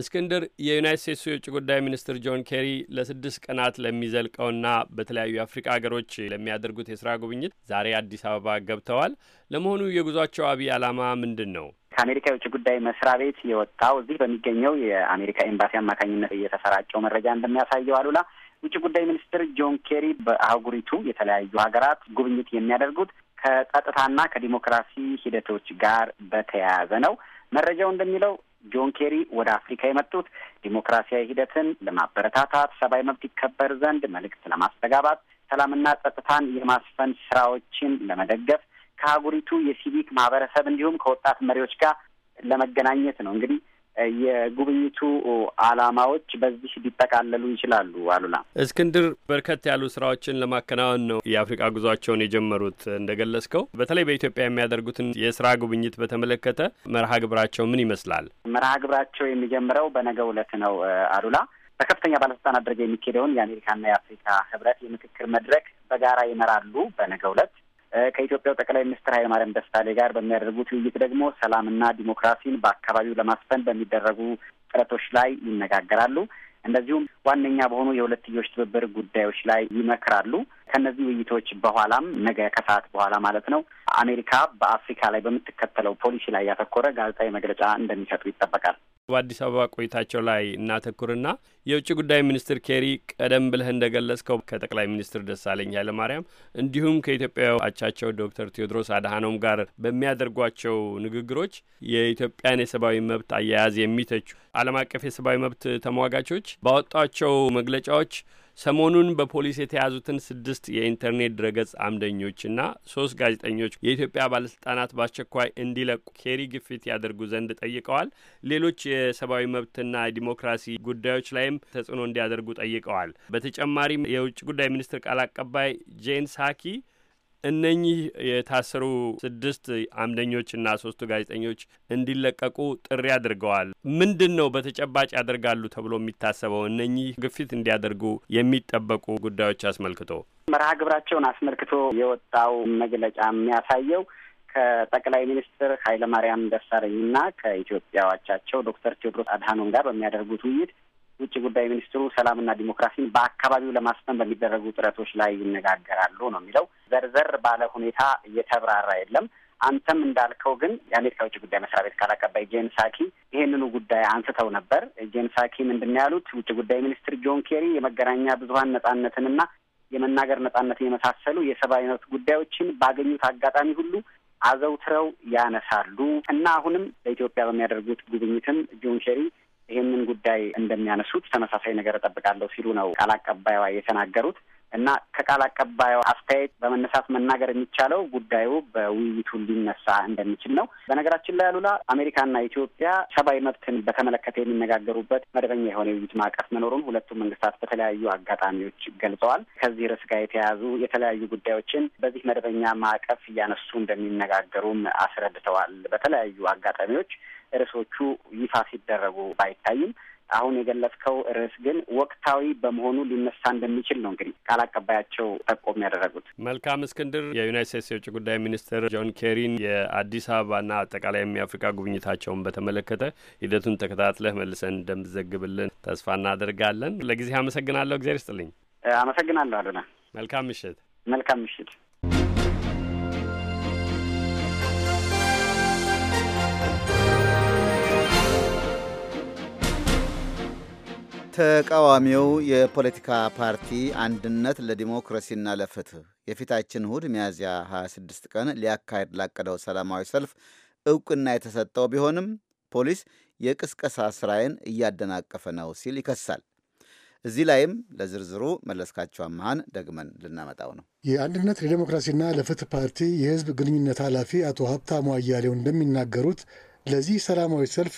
እስክንድር፣ የዩናይት ስቴትሱ የውጭ ጉዳይ ሚኒስትር ጆን ኬሪ ለስድስት ቀናት ለሚዘልቀውና በተለያዩ የአፍሪቃ ሀገሮች ለሚያደርጉት የስራ ጉብኝት ዛሬ አዲስ አበባ ገብተዋል። ለመሆኑ የጉዟቸው አብይ ዓላማ ምንድን ነው? ከአሜሪካ የውጭ ጉዳይ መስሪያ ቤት የወጣው እዚህ በሚገኘው የአሜሪካ ኤምባሲ አማካኝነት እየተሰራጨው መረጃ እንደሚያሳየው አሉላ ውጭ ጉዳይ ሚኒስትር ጆን ኬሪ በአህጉሪቱ የተለያዩ ሀገራት ጉብኝት የሚያደርጉት ከጸጥታና ከዲሞክራሲ ሂደቶች ጋር በተያያዘ ነው። መረጃው እንደሚለው ጆን ኬሪ ወደ አፍሪካ የመጡት ዲሞክራሲያዊ ሂደትን ለማበረታታት፣ ሰብአዊ መብት ይከበር ዘንድ መልእክት ለማስተጋባት፣ ሰላምና ጸጥታን የማስፈን ስራዎችን ለመደገፍ ከአህጉሪቱ የሲቪክ ማህበረሰብ እንዲሁም ከወጣት መሪዎች ጋር ለመገናኘት ነው። እንግዲህ የጉብኝቱ ዓላማዎች በዚህ ሊጠቃለሉ ይችላሉ። አሉላ እስክንድር፣ በርከት ያሉ ስራዎችን ለማከናወን ነው የአፍሪቃ ጉዟቸውን የጀመሩት። ገለጽከው በተለይ በኢትዮጵያ የሚያደርጉትን የስራ ጉብኝት በተመለከተ መርሃ ግብራቸው ምን ይመስላል? መርሃ ግብራቸው የሚጀምረው በነገ ዕለት ነው አሉላ በከፍተኛ ባለስልጣናት ደረጃ የሚካሄደውን የአሜሪካና የአፍሪካ ህብረት የምክክር መድረክ በጋራ ይመራሉ በነገ ዕለት ከኢትዮጵያው ጠቅላይ ሚኒስትር ኃይለማርያም ደሳሌ ጋር በሚያደርጉት ውይይት ደግሞ ሰላምና ዲሞክራሲን በአካባቢው ለማስፈን በሚደረጉ ጥረቶች ላይ ይነጋገራሉ። እንደዚሁም ዋነኛ በሆኑ የሁለትዮሽ ትብብር ጉዳዮች ላይ ይመክራሉ። ከእነዚህ ውይይቶች በኋላም ነገ ከሰዓት በኋላ ማለት ነው አሜሪካ በአፍሪካ ላይ በምትከተለው ፖሊሲ ላይ ያተኮረ ጋዜጣዊ መግለጫ እንደሚሰጡ ይጠበቃል። በአዲስ አበባ ቆይታቸው ላይ እናተኩርና የውጭ ጉዳይ ሚኒስትር ኬሪ ቀደም ብለህ እንደገለጽከው ከጠቅላይ ሚኒስትር ደሳለኝ ኃይለማርያም እንዲሁም ከኢትዮጵያ አቻቸው ዶክተር ቴዎድሮስ አድሃኖም ጋር በሚያደርጓቸው ንግግሮች የኢትዮጵያን የሰብአዊ መብት አያያዝ የሚተቹ ዓለም አቀፍ የሰብአዊ መብት ተሟጋቾች ባወጧቸው መግለጫዎች ሰሞኑን በፖሊስ የተያዙትን ስድስት የኢንተርኔት ድረገጽ አምደኞችና ሶስት ጋዜጠኞች የኢትዮጵያ ባለስልጣናት በአስቸኳይ እንዲለቁ ኬሪ ግፊት ያደርጉ ዘንድ ጠይቀዋል። ሌሎች የሰብአዊ መብትና ዲሞክራሲ ጉዳዮች ላይም ተጽዕኖ እንዲያደርጉ ጠይቀዋል። በተጨማሪም የውጭ ጉዳይ ሚኒስትር ቃል አቀባይ ጄን ሳኪ እነኚህ የታሰሩ ስድስት አምደኞችና ሶስቱ ጋዜጠኞች እንዲለቀቁ ጥሪ አድርገዋል። ምንድን ነው በተጨባጭ ያደርጋሉ ተብሎ የሚታሰበው እነኚህ ግፊት እንዲያደርጉ የሚጠበቁ ጉዳዮች አስመልክቶ መርሃ ግብራቸውን አስመልክቶ የወጣው መግለጫ የሚያሳየው ከጠቅላይ ሚኒስትር ኃይለማርያም ደሳለኝና ከኢትዮጵያ አቻቸው ዶክተር ቴዎድሮስ አድሃኖም ጋር በሚያደርጉት ውይይት ውጭ ጉዳይ ሚኒስትሩ ሰላምና ዲሞክራሲን በአካባቢው ለማስፈን በሚደረጉ ጥረቶች ላይ ይነጋገራሉ ነው የሚለው። ዘርዘር ባለ ሁኔታ እየተብራራ የለም። አንተም እንዳልከው ግን የአሜሪካ ውጭ ጉዳይ መስሪያ ቤት ቃል አቀባይ ጄን ሳኪ ይህንኑ ጉዳይ አንስተው ነበር። ጄን ሳኪ ምንድን ያሉት ውጭ ጉዳይ ሚኒስትር ጆን ኬሪ የመገናኛ ብዙሀን ነጻነትንና የመናገር ነጻነትን የመሳሰሉ የሰብአዊ መብት ጉዳዮችን ባገኙት አጋጣሚ ሁሉ አዘውትረው ያነሳሉ እና አሁንም በኢትዮጵያ በሚያደርጉት ጉብኝትም ጆን ኬሪ ይህንን ጉዳይ እንደሚያነሱት ተመሳሳይ ነገር እጠብቃለሁ ሲሉ ነው ቃል አቀባይዋ የተናገሩት። እና ከቃል አቀባዩ አስተያየት በመነሳት መናገር የሚቻለው ጉዳዩ በውይይቱ ሊነሳ እንደሚችል ነው። በነገራችን ላይ አሉላ አሜሪካና ኢትዮጵያ ሰብአዊ መብትን በተመለከተ የሚነጋገሩበት መደበኛ የሆነ የውይይት ማዕቀፍ መኖሩን ሁለቱም መንግስታት በተለያዩ አጋጣሚዎች ገልጸዋል። ከዚህ ርዕስ ጋር የተያያዙ የተለያዩ ጉዳዮችን በዚህ መደበኛ ማዕቀፍ እያነሱ እንደሚነጋገሩም አስረድተዋል። በተለያዩ አጋጣሚዎች ርዕሶቹ ይፋ ሲደረጉ ባይታይም አሁን የገለጽከው ርዕስ ግን ወቅታዊ በመሆኑ ሊነሳ እንደሚችል ነው እንግዲህ ቃል አቀባያቸው ጠቆም ያደረጉት። መልካም እስክንድር፣ የዩናይት ስቴትስ የውጭ ጉዳይ ሚኒስትር ጆን ኬሪን የአዲስ አበባና አጠቃላይ የአፍሪካ ጉብኝታቸውን በተመለከተ ሂደቱን ተከታትለህ መልሰን እንደምትዘግብልን ተስፋ እናደርጋለን። ለጊዜ አመሰግናለሁ። እግዚአብሔር ይስጥልኝ። አመሰግናለሁ እግዜር ይስጥልኝ አመሰግናለሁ አሉና መልካም ምሽት። መልካም ምሽት። ተቃዋሚው የፖለቲካ ፓርቲ አንድነት ለዲሞክራሲና ለፍትህ የፊታችን እሁድ ሚያዝያ 26 ቀን ሊያካሄድ ላቀደው ሰላማዊ ሰልፍ እውቅና የተሰጠው ቢሆንም ፖሊስ የቅስቀሳ ስራዬን እያደናቀፈ ነው ሲል ይከሳል። እዚህ ላይም ለዝርዝሩ መለስካቸው አመሃን ደግመን ልናመጣው ነው። የአንድነት ለዲሞክራሲና ለፍትህ ፓርቲ የህዝብ ግንኙነት ኃላፊ አቶ ሀብታሙ አያሌው እንደሚናገሩት ለዚህ ሰላማዊ ሰልፍ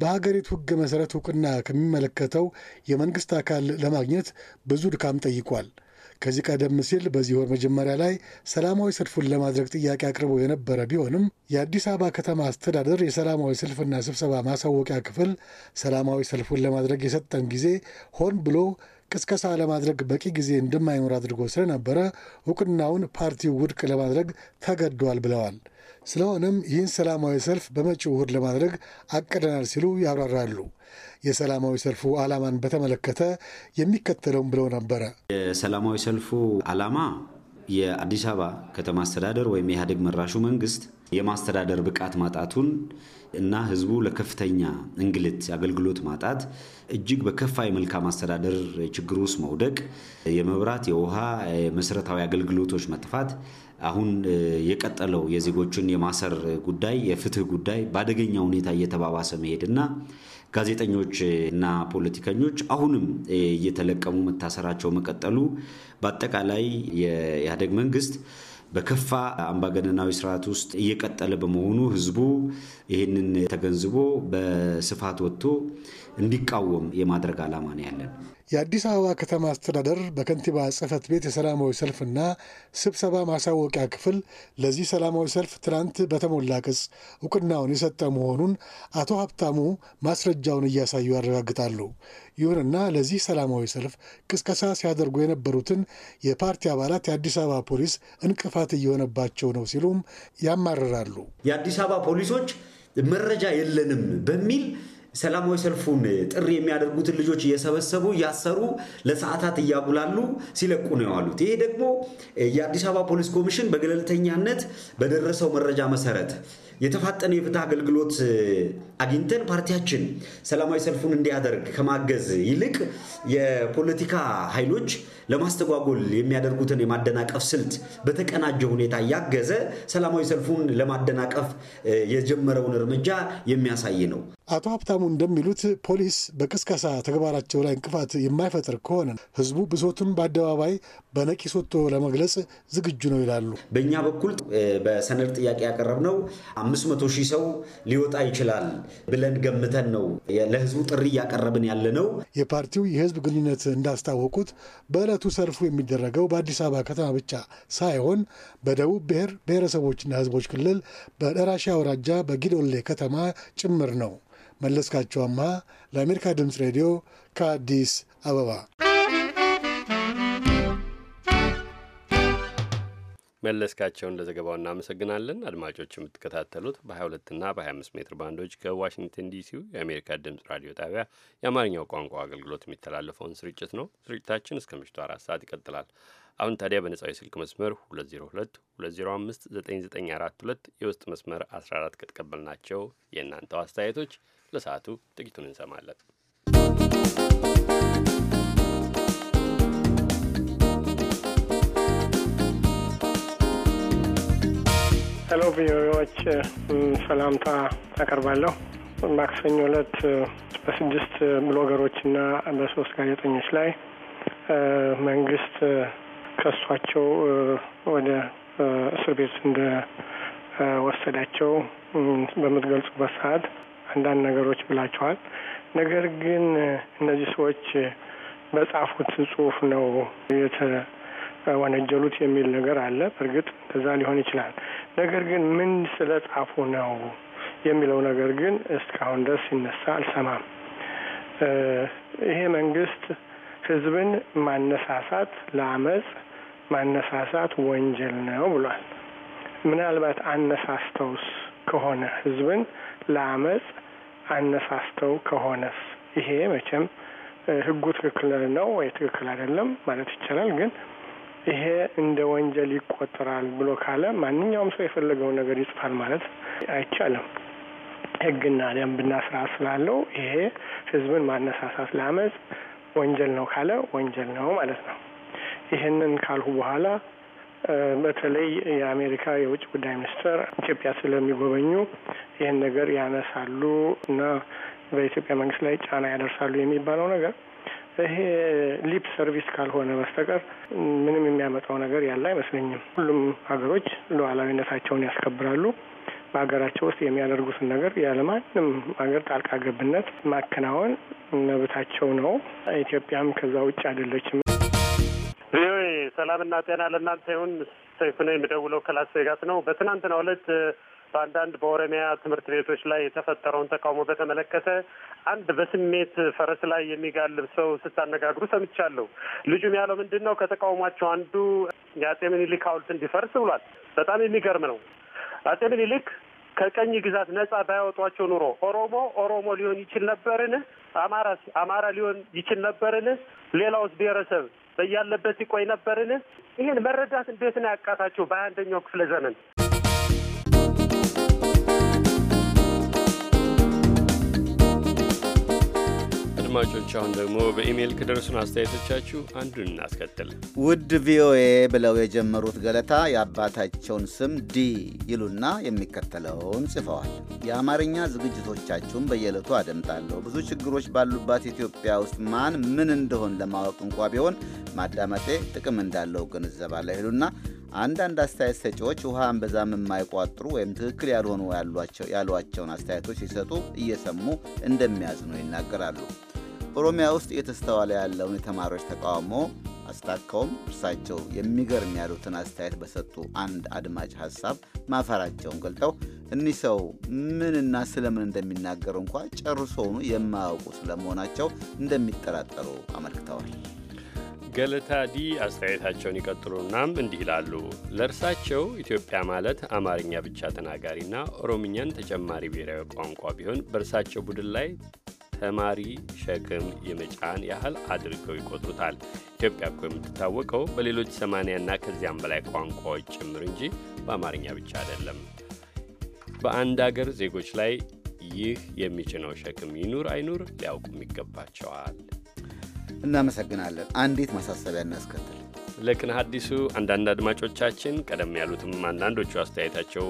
በሀገሪቱ ሕግ መሠረት እውቅና ከሚመለከተው የመንግሥት አካል ለማግኘት ብዙ ድካም ጠይቋል። ከዚህ ቀደም ሲል በዚህ ወር መጀመሪያ ላይ ሰላማዊ ሰልፉን ለማድረግ ጥያቄ አቅርቦ የነበረ ቢሆንም የአዲስ አበባ ከተማ አስተዳደር የሰላማዊ ሰልፍና ስብሰባ ማሳወቂያ ክፍል ሰላማዊ ሰልፉን ለማድረግ የሰጠን ጊዜ ሆን ብሎ ቅስቀሳ ለማድረግ በቂ ጊዜ እንደማይኖር አድርጎ ስለነበረ እውቅናውን ፓርቲው ውድቅ ለማድረግ ተገዷል ብለዋል። ስለሆነም ይህን ሰላማዊ ሰልፍ በመጪው እሁድ ለማድረግ አቅደናል ሲሉ ያብራራሉ። የሰላማዊ ሰልፉ ዓላማን በተመለከተ የሚከተለውን ብለው ነበረ። የሰላማዊ ሰልፉ ዓላማ የአዲስ አበባ ከተማ አስተዳደር ወይም የኢህአዴግ መራሹ መንግስት የማስተዳደር ብቃት ማጣቱን እና ህዝቡ ለከፍተኛ እንግልት፣ አገልግሎት ማጣት፣ እጅግ በከፋ የመልካም አስተዳደር ችግር ውስጥ መውደቅ፣ የመብራት፣ የውሃ፣ መሰረታዊ አገልግሎቶች መጥፋት አሁን የቀጠለው የዜጎችን የማሰር ጉዳይ የፍትህ ጉዳይ በአደገኛ ሁኔታ እየተባባሰ መሄድና ጋዜጠኞች እና ፖለቲከኞች አሁንም እየተለቀሙ መታሰራቸው መቀጠሉ በአጠቃላይ የኢህአዴግ መንግስት በከፋ አምባገነናዊ ስርዓት ውስጥ እየቀጠለ በመሆኑ ህዝቡ ይህንን ተገንዝቦ በስፋት ወጥቶ እንዲቃወም የማድረግ ዓላማ ነው ያለን። የአዲስ አበባ ከተማ አስተዳደር በከንቲባ ጽህፈት ቤት የሰላማዊ ሰልፍና ስብሰባ ማሳወቂያ ክፍል ለዚህ ሰላማዊ ሰልፍ ትናንት በተሞላ ቅጽ እውቅናውን የሰጠ መሆኑን አቶ ሀብታሙ ማስረጃውን እያሳዩ ያረጋግጣሉ። ይሁንና ለዚህ ሰላማዊ ሰልፍ ቅስቀሳ ሲያደርጉ የነበሩትን የፓርቲ አባላት የአዲስ አበባ ፖሊስ እንቅፋት እየሆነባቸው ነው ሲሉም ያማርራሉ። የአዲስ አበባ ፖሊሶች መረጃ የለንም በሚል ሰላማዊ ሰልፉን ጥሪ የሚያደርጉትን ልጆች እየሰበሰቡ እያሰሩ ለሰዓታት እያጉላሉ ሲለቁ ነው የዋሉት። ይሄ ደግሞ የአዲስ አበባ ፖሊስ ኮሚሽን በገለልተኛነት በደረሰው መረጃ መሰረት የተፋጠነ የፍትህ አገልግሎት አግኝተን ፓርቲያችን ሰላማዊ ሰልፉን እንዲያደርግ ከማገዝ ይልቅ የፖለቲካ ኃይሎች ለማስተጓጎል የሚያደርጉትን የማደናቀፍ ስልት በተቀናጀ ሁኔታ እያገዘ ሰላማዊ ሰልፉን ለማደናቀፍ የጀመረውን እርምጃ የሚያሳይ ነው። አቶ ሀብታሙ እንደሚሉት ፖሊስ በቅስቀሳ ተግባራቸው ላይ እንቅፋት የማይፈጥር ከሆነ ህዝቡ ብሶቱን በአደባባይ በነቂስ ወጥቶ ለመግለጽ ዝግጁ ነው ይላሉ። በእኛ በኩል በሰነድ ጥያቄ ያቀረብነው አምስት መቶ ሺህ ሰው ሊወጣ ይችላል ብለን ገምተን ነው ለህዝቡ ጥሪ እያቀረብን ያለ ነው። የፓርቲው የህዝብ ግንኙነት እንዳስታወቁት በዕለቱ በየዓመቱ ሰልፉ የሚደረገው በአዲስ አበባ ከተማ ብቻ ሳይሆን በደቡብ ብሔር ብሔረሰቦችና ሕዝቦች ክልል በደራሼ አውራጃ በጊዶሌ ከተማ ጭምር ነው። መለስካቸው ለአሜሪካ ድምፅ ሬዲዮ ከአዲስ አበባ መለስካቸውን ለዘገባው እናመሰግናለን። አድማጮች የምትከታተሉት በ22ና በ25 ሜትር ባንዶች ከዋሽንግተን ዲሲው የአሜሪካ ድምፅ ራዲዮ ጣቢያ የአማርኛው ቋንቋ አገልግሎት የሚተላለፈውን ስርጭት ነው። ስርጭታችን እስከ ምሽቱ አራት ሰዓት ይቀጥላል። አሁን ታዲያ በነጻው የስልክ መስመር 2022059942 የውስጥ መስመር 14 ከተቀበልናቸው የእናንተው አስተያየቶች ለሰዓቱ ጥቂቱን እንሰማለን። ሄሎ ቪኦኤዎች ሰላምታ አቀርባለሁ። ማክሰኞ ዕለት በስድስት ብሎገሮችና በሶስት ጋዜጠኞች ላይ መንግስት ከሷቸው ወደ እስር ቤት እንደወሰዳቸው በምትገልጹበት ሰዓት አንዳንድ ነገሮች ብላቸዋል። ነገር ግን እነዚህ ሰዎች በጻፉት ጽሁፍ ነው የተ ወነጀሉት የሚል ነገር አለ። እርግጥ ከዛ ሊሆን ይችላል። ነገር ግን ምን ስለ ጻፉ ነው የሚለው ነገር ግን እስካሁን ድረስ ሲነሳ አልሰማም። ይሄ መንግስት ህዝብን ማነሳሳት ለአመፅ ማነሳሳት ወንጀል ነው ብሏል። ምናልባት አነሳስተውስ ከሆነ ህዝብን ለአመፅ አነሳስተው ከሆነስ ይሄ መቼም ህጉ ትክክል ነው ወይ ትክክል አይደለም ማለት ይቻላል ግን ይሄ እንደ ወንጀል ይቆጠራል ብሎ ካለ ማንኛውም ሰው የፈለገውን ነገር ይጽፋል ማለት አይቻልም። ሕግና ደንብና ስርዓት ስላለው ይሄ ህዝብን ማነሳሳት ለአመፅ ወንጀል ነው ካለ ወንጀል ነው ማለት ነው። ይህንን ካልሁ በኋላ በተለይ የአሜሪካ የውጭ ጉዳይ ሚኒስትር ኢትዮጵያ ስለሚጎበኙ ይህን ነገር ያነሳሉ እና በኢትዮጵያ መንግስት ላይ ጫና ያደርሳሉ የሚባለው ነገር ይሄ ሊፕ ሰርቪስ ካልሆነ በስተቀር ምንም የሚያመጣው ነገር ያለ አይመስለኝም። ሁሉም ሀገሮች ሉዓላዊነታቸውን ያስከብራሉ። በሀገራቸው ውስጥ የሚያደርጉትን ነገር ያለማንም ሀገር ጣልቃ ገብነት ማከናወን መብታቸው ነው። ኢትዮጵያም ከዛ ውጭ አይደለችም። ቪኦኤ ሰላምና ጤና ለእናንተ ይሁን። ሰይፉ ነኝ ከላስ ቬጋስ ነው። በትናንትናው ዕለት በአንዳንድ በኦሮሚያ ትምህርት ቤቶች ላይ የተፈጠረውን ተቃውሞ በተመለከተ አንድ በስሜት ፈረስ ላይ የሚጋልብ ሰው ስታነጋግሩ ሰምቻለሁ። ልጁም ያለው ምንድን ነው ከተቃውሟቸው አንዱ የአጼ ምኒልክ ሐውልት እንዲፈርስ ብሏል። በጣም የሚገርም ነው። አጼ ምኒልክ ከቀኝ ግዛት ነጻ ባያወጧቸው ኑሮ ኦሮሞ ኦሮሞ ሊሆን ይችል ነበርን? አማራ አማራ ሊሆን ይችል ነበርን? ሌላውስ ብሔረሰብ በያለበት ይቆይ ነበርን? ይህን መረዳት እንዴት ነው ያቃታቸው በሀያ አንደኛው ክፍለ ዘመን? አድማጮች አሁን ደግሞ በኢሜይል ከደረሱን አስተያየቶቻችሁ አንዱን እናስከትል። ውድ ቪኦኤ ብለው የጀመሩት ገለታ የአባታቸውን ስም ዲ ይሉና የሚከተለውን ጽፈዋል። የአማርኛ ዝግጅቶቻችሁን በየዕለቱ አደምጣለሁ። ብዙ ችግሮች ባሉባት ኢትዮጵያ ውስጥ ማን ምን እንደሆን ለማወቅ እንኳ ቢሆን ማዳመጤ ጥቅም እንዳለው ገንዘባለሁ ይሉና አንዳንድ አስተያየት ሰጪዎች ውሃን በዛም የማይቋጥሩ ወይም ትክክል ያልሆኑ ያሏቸውን አስተያየቶች ሲሰጡ እየሰሙ እንደሚያዝኑ ይናገራሉ። ኦሮሚያ ውስጥ እየተስተዋለ ያለውን የተማሪዎች ተቃውሞ አስታከውም እርሳቸው የሚገርም ያሉትን አስተያየት በሰጡ አንድ አድማጭ ሀሳብ ማፈራቸውን ገልጠው እኒህ ሰው ምንና ስለምን እንደሚናገሩ እንኳ ጨርሶውኑ የማያውቁ ስለመሆናቸው እንደሚጠራጠሩ አመልክተዋል። ገለታ ዲ አስተያየታቸውን ይቀጥሉናም እንዲህ ይላሉ። ለእርሳቸው ኢትዮጵያ ማለት አማርኛ ብቻ ተናጋሪና ኦሮምኛን ተጨማሪ ብሔራዊ ቋንቋ ቢሆን በእርሳቸው ቡድን ላይ ተማሪ ሸክም የመጫን ያህል አድርገው ይቆጥሩታል። ኢትዮጵያ እኮ የምትታወቀው በሌሎች ሰማንያና ከዚያም በላይ ቋንቋዎች ጭምር እንጂ በአማርኛ ብቻ አይደለም። በአንድ አገር ዜጎች ላይ ይህ የሚጭነው ሸክም ይኑር አይኑር ሊያውቁም ይገባቸዋል። እናመሰግናለን። አንዲት ማሳሰቢያ እናስከትል። ልክን አዲሱ አንዳንድ አድማጮቻችን ቀደም ያሉትም አንዳንዶቹ አስተያየታቸው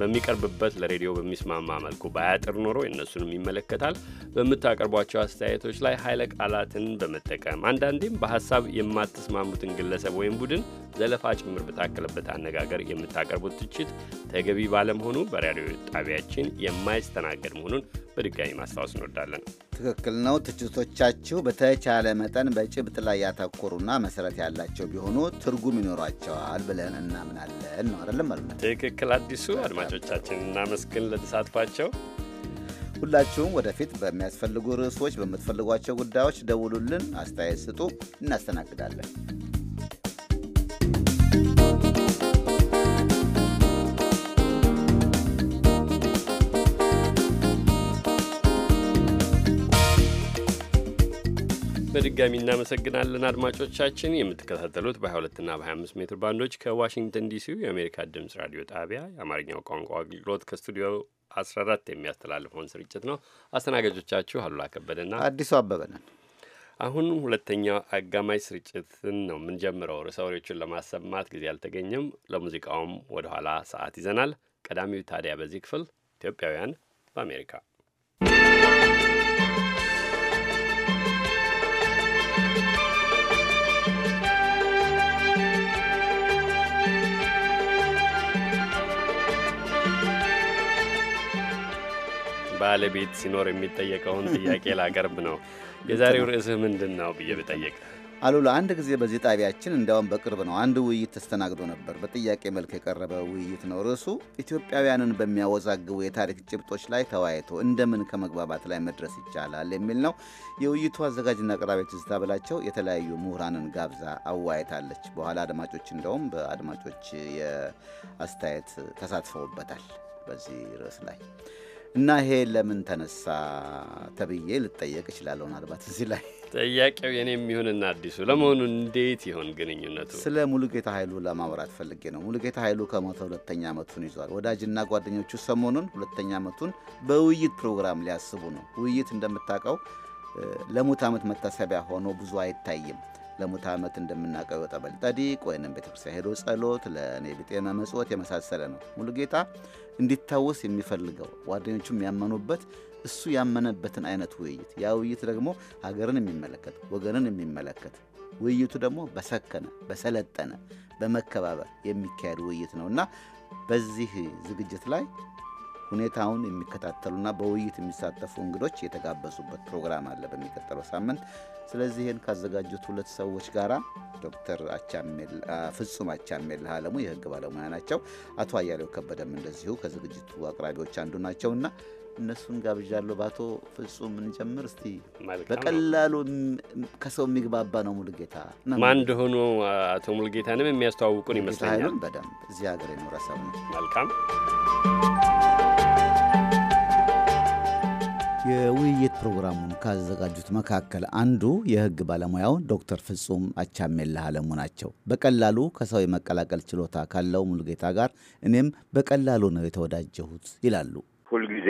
በሚቀርብበት ለሬዲዮ በሚስማማ መልኩ ባያጥር ኖሮ እነሱንም ይመለከታል። በምታቀርቧቸው አስተያየቶች ላይ ኃይለ ቃላትን በመጠቀም አንዳንዴም በሀሳብ የማትስማሙትን ግለሰብ ወይም ቡድን ዘለፋ ጭምር በታከለበት አነጋገር የምታቀርቡት ትችት ተገቢ ባለመሆኑ በሬዲዮ ጣቢያችን የማይስተናገድ መሆኑን በድጋሚ ማስታወስ እንወዳለን። ትክክል ነው። ትችቶቻችሁ በተቻለ መጠን በጭብጥ ላይ ያተኮሩና መሰረት ያላቸው ቢሆኑ ትርጉም ይኖሯቸዋል ብለን እናምናለን ነው አይደለም? አሉ ትክክል። አዲሱ አድማጮቻችን እናመስግን ለተሳትፏቸው። ሁላችሁም ወደፊት በሚያስፈልጉ ርዕሶች፣ በምትፈልጓቸው ጉዳዮች ደውሉልን፣ አስተያየት ስጡ፣ እናስተናግዳለን። በድጋሚ እናመሰግናለን አድማጮቻችን። የምትከታተሉት በ22 እና በ25 ሜትር ባንዶች ከዋሽንግተን ዲሲው የአሜሪካ ድምፅ ራዲዮ ጣቢያ የአማርኛው ቋንቋ አገልግሎት ከስቱዲዮ 14 የሚያስተላልፈውን ስርጭት ነው። አስተናጋጆቻችሁ አሉላ ከበደና አዲሱ አበበነን። አሁን ሁለተኛው አጋማሽ ስርጭትን ነው የምንጀምረው። ርዕሰ ለማሰማት ጊዜ አልተገኘም። ለሙዚቃውም ወደኋላ ሰዓት ይዘናል። ቀዳሚው ታዲያ በዚህ ክፍል ኢትዮጵያውያን በአሜሪካ ባለቤት ሲኖር የሚጠየቀውን ጥያቄ ላቀርብ ነው። የዛሬው ርዕስህ ምንድን ነው ብዬ ብጠየቅ አሉላ፣ አንድ ጊዜ በዚህ ጣቢያችን እንዲያውም በቅርብ ነው አንድ ውይይት ተስተናግዶ ነበር። በጥያቄ መልክ የቀረበ ውይይት ነው። ርዕሱ ኢትዮጵያውያንን በሚያወዛግቡ የታሪክ ጭብጦች ላይ ተወያይቶ እንደምን ከመግባባት ላይ መድረስ ይቻላል የሚል ነው። የውይይቱ አዘጋጅና አቅራቢ ትዝታ ብላቸው የተለያዩ ምሁራንን ጋብዛ አወያይታለች። በኋላ አድማጮች እንደውም በአድማጮች የአስተያየት ተሳትፈውበታል በዚህ ርዕስ ላይ እና ይሄ ለምን ተነሳ ተብዬ ልጠየቅ እችላለሁ። ምናልባት እዚህ ላይ ጥያቄው የኔ የሚሆንና አዲሱ ለመሆኑ እንዴት ይሆን ግንኙነቱ? ስለ ሙሉጌታ ኃይሉ ለማውራት ፈልጌ ነው። ሙሉጌታ ኃይሉ ከሞተ ሁለተኛ ዓመቱን ይዟል። ወዳጅና ጓደኞቹ ሰሞኑን ሁለተኛ ዓመቱን በውይይት ፕሮግራም ሊያስቡ ነው። ውይይት እንደምታውቀው ለሙት ዓመት መታሰቢያ ሆኖ ብዙ አይታይም። ለሙት ዓመት እንደምናቀርበው ጠበል ጠዲቅ ወይንም ቤተክርስቲያን ሄዶ ጸሎት፣ ለእኔ ብጤና መጽወት የመሳሰለ ነው። ሙሉጌታ እንዲታወስ የሚፈልገው ጓደኞቹ የሚያመኑበት እሱ ያመነበትን አይነት ውይይት፣ ያ ውይይት ደግሞ ሀገርን የሚመለከት ወገንን የሚመለከት ውይይቱ ደግሞ በሰከነ በሰለጠነ በመከባበር የሚካሄድ ውይይት ነው እና በዚህ ዝግጅት ላይ ሁኔታውን የሚከታተሉና በውይይት የሚሳተፉ እንግዶች የተጋበዙበት ፕሮግራም አለ በሚቀጥለው ሳምንት። ስለዚህ ይህን ካዘጋጁት ሁለት ሰዎች ጋር ዶክተር ፍጹም አቻሜል አለሙ የህግ ባለሙያ ናቸው። አቶ አያሌው ከበደም እንደዚሁ ከዝግጅቱ አቅራቢዎች አንዱ ናቸው እና እነሱን ጋብዣለሁ። በአቶ ፍጹም እንጀምር እስቲ። በቀላሉ ከሰው የሚግባባ ነው ሙሉጌታ ማን እንደሆኑ አቶ ሙሉጌታንም የሚያስተዋውቁን ይመስለኛል። በደንብ እዚህ ሀገር የኖረ ሰው ነው። መልካም የውይይት ፕሮግራሙን ካዘጋጁት መካከል አንዱ የሕግ ባለሙያው ዶክተር ፍጹም አቻሜላህ አለሙ ናቸው። በቀላሉ ከሰው የመቀላቀል ችሎታ ካለው ሙልጌታ ጋር እኔም በቀላሉ ነው የተወዳጀሁት ይላሉ። ሁልጊዜ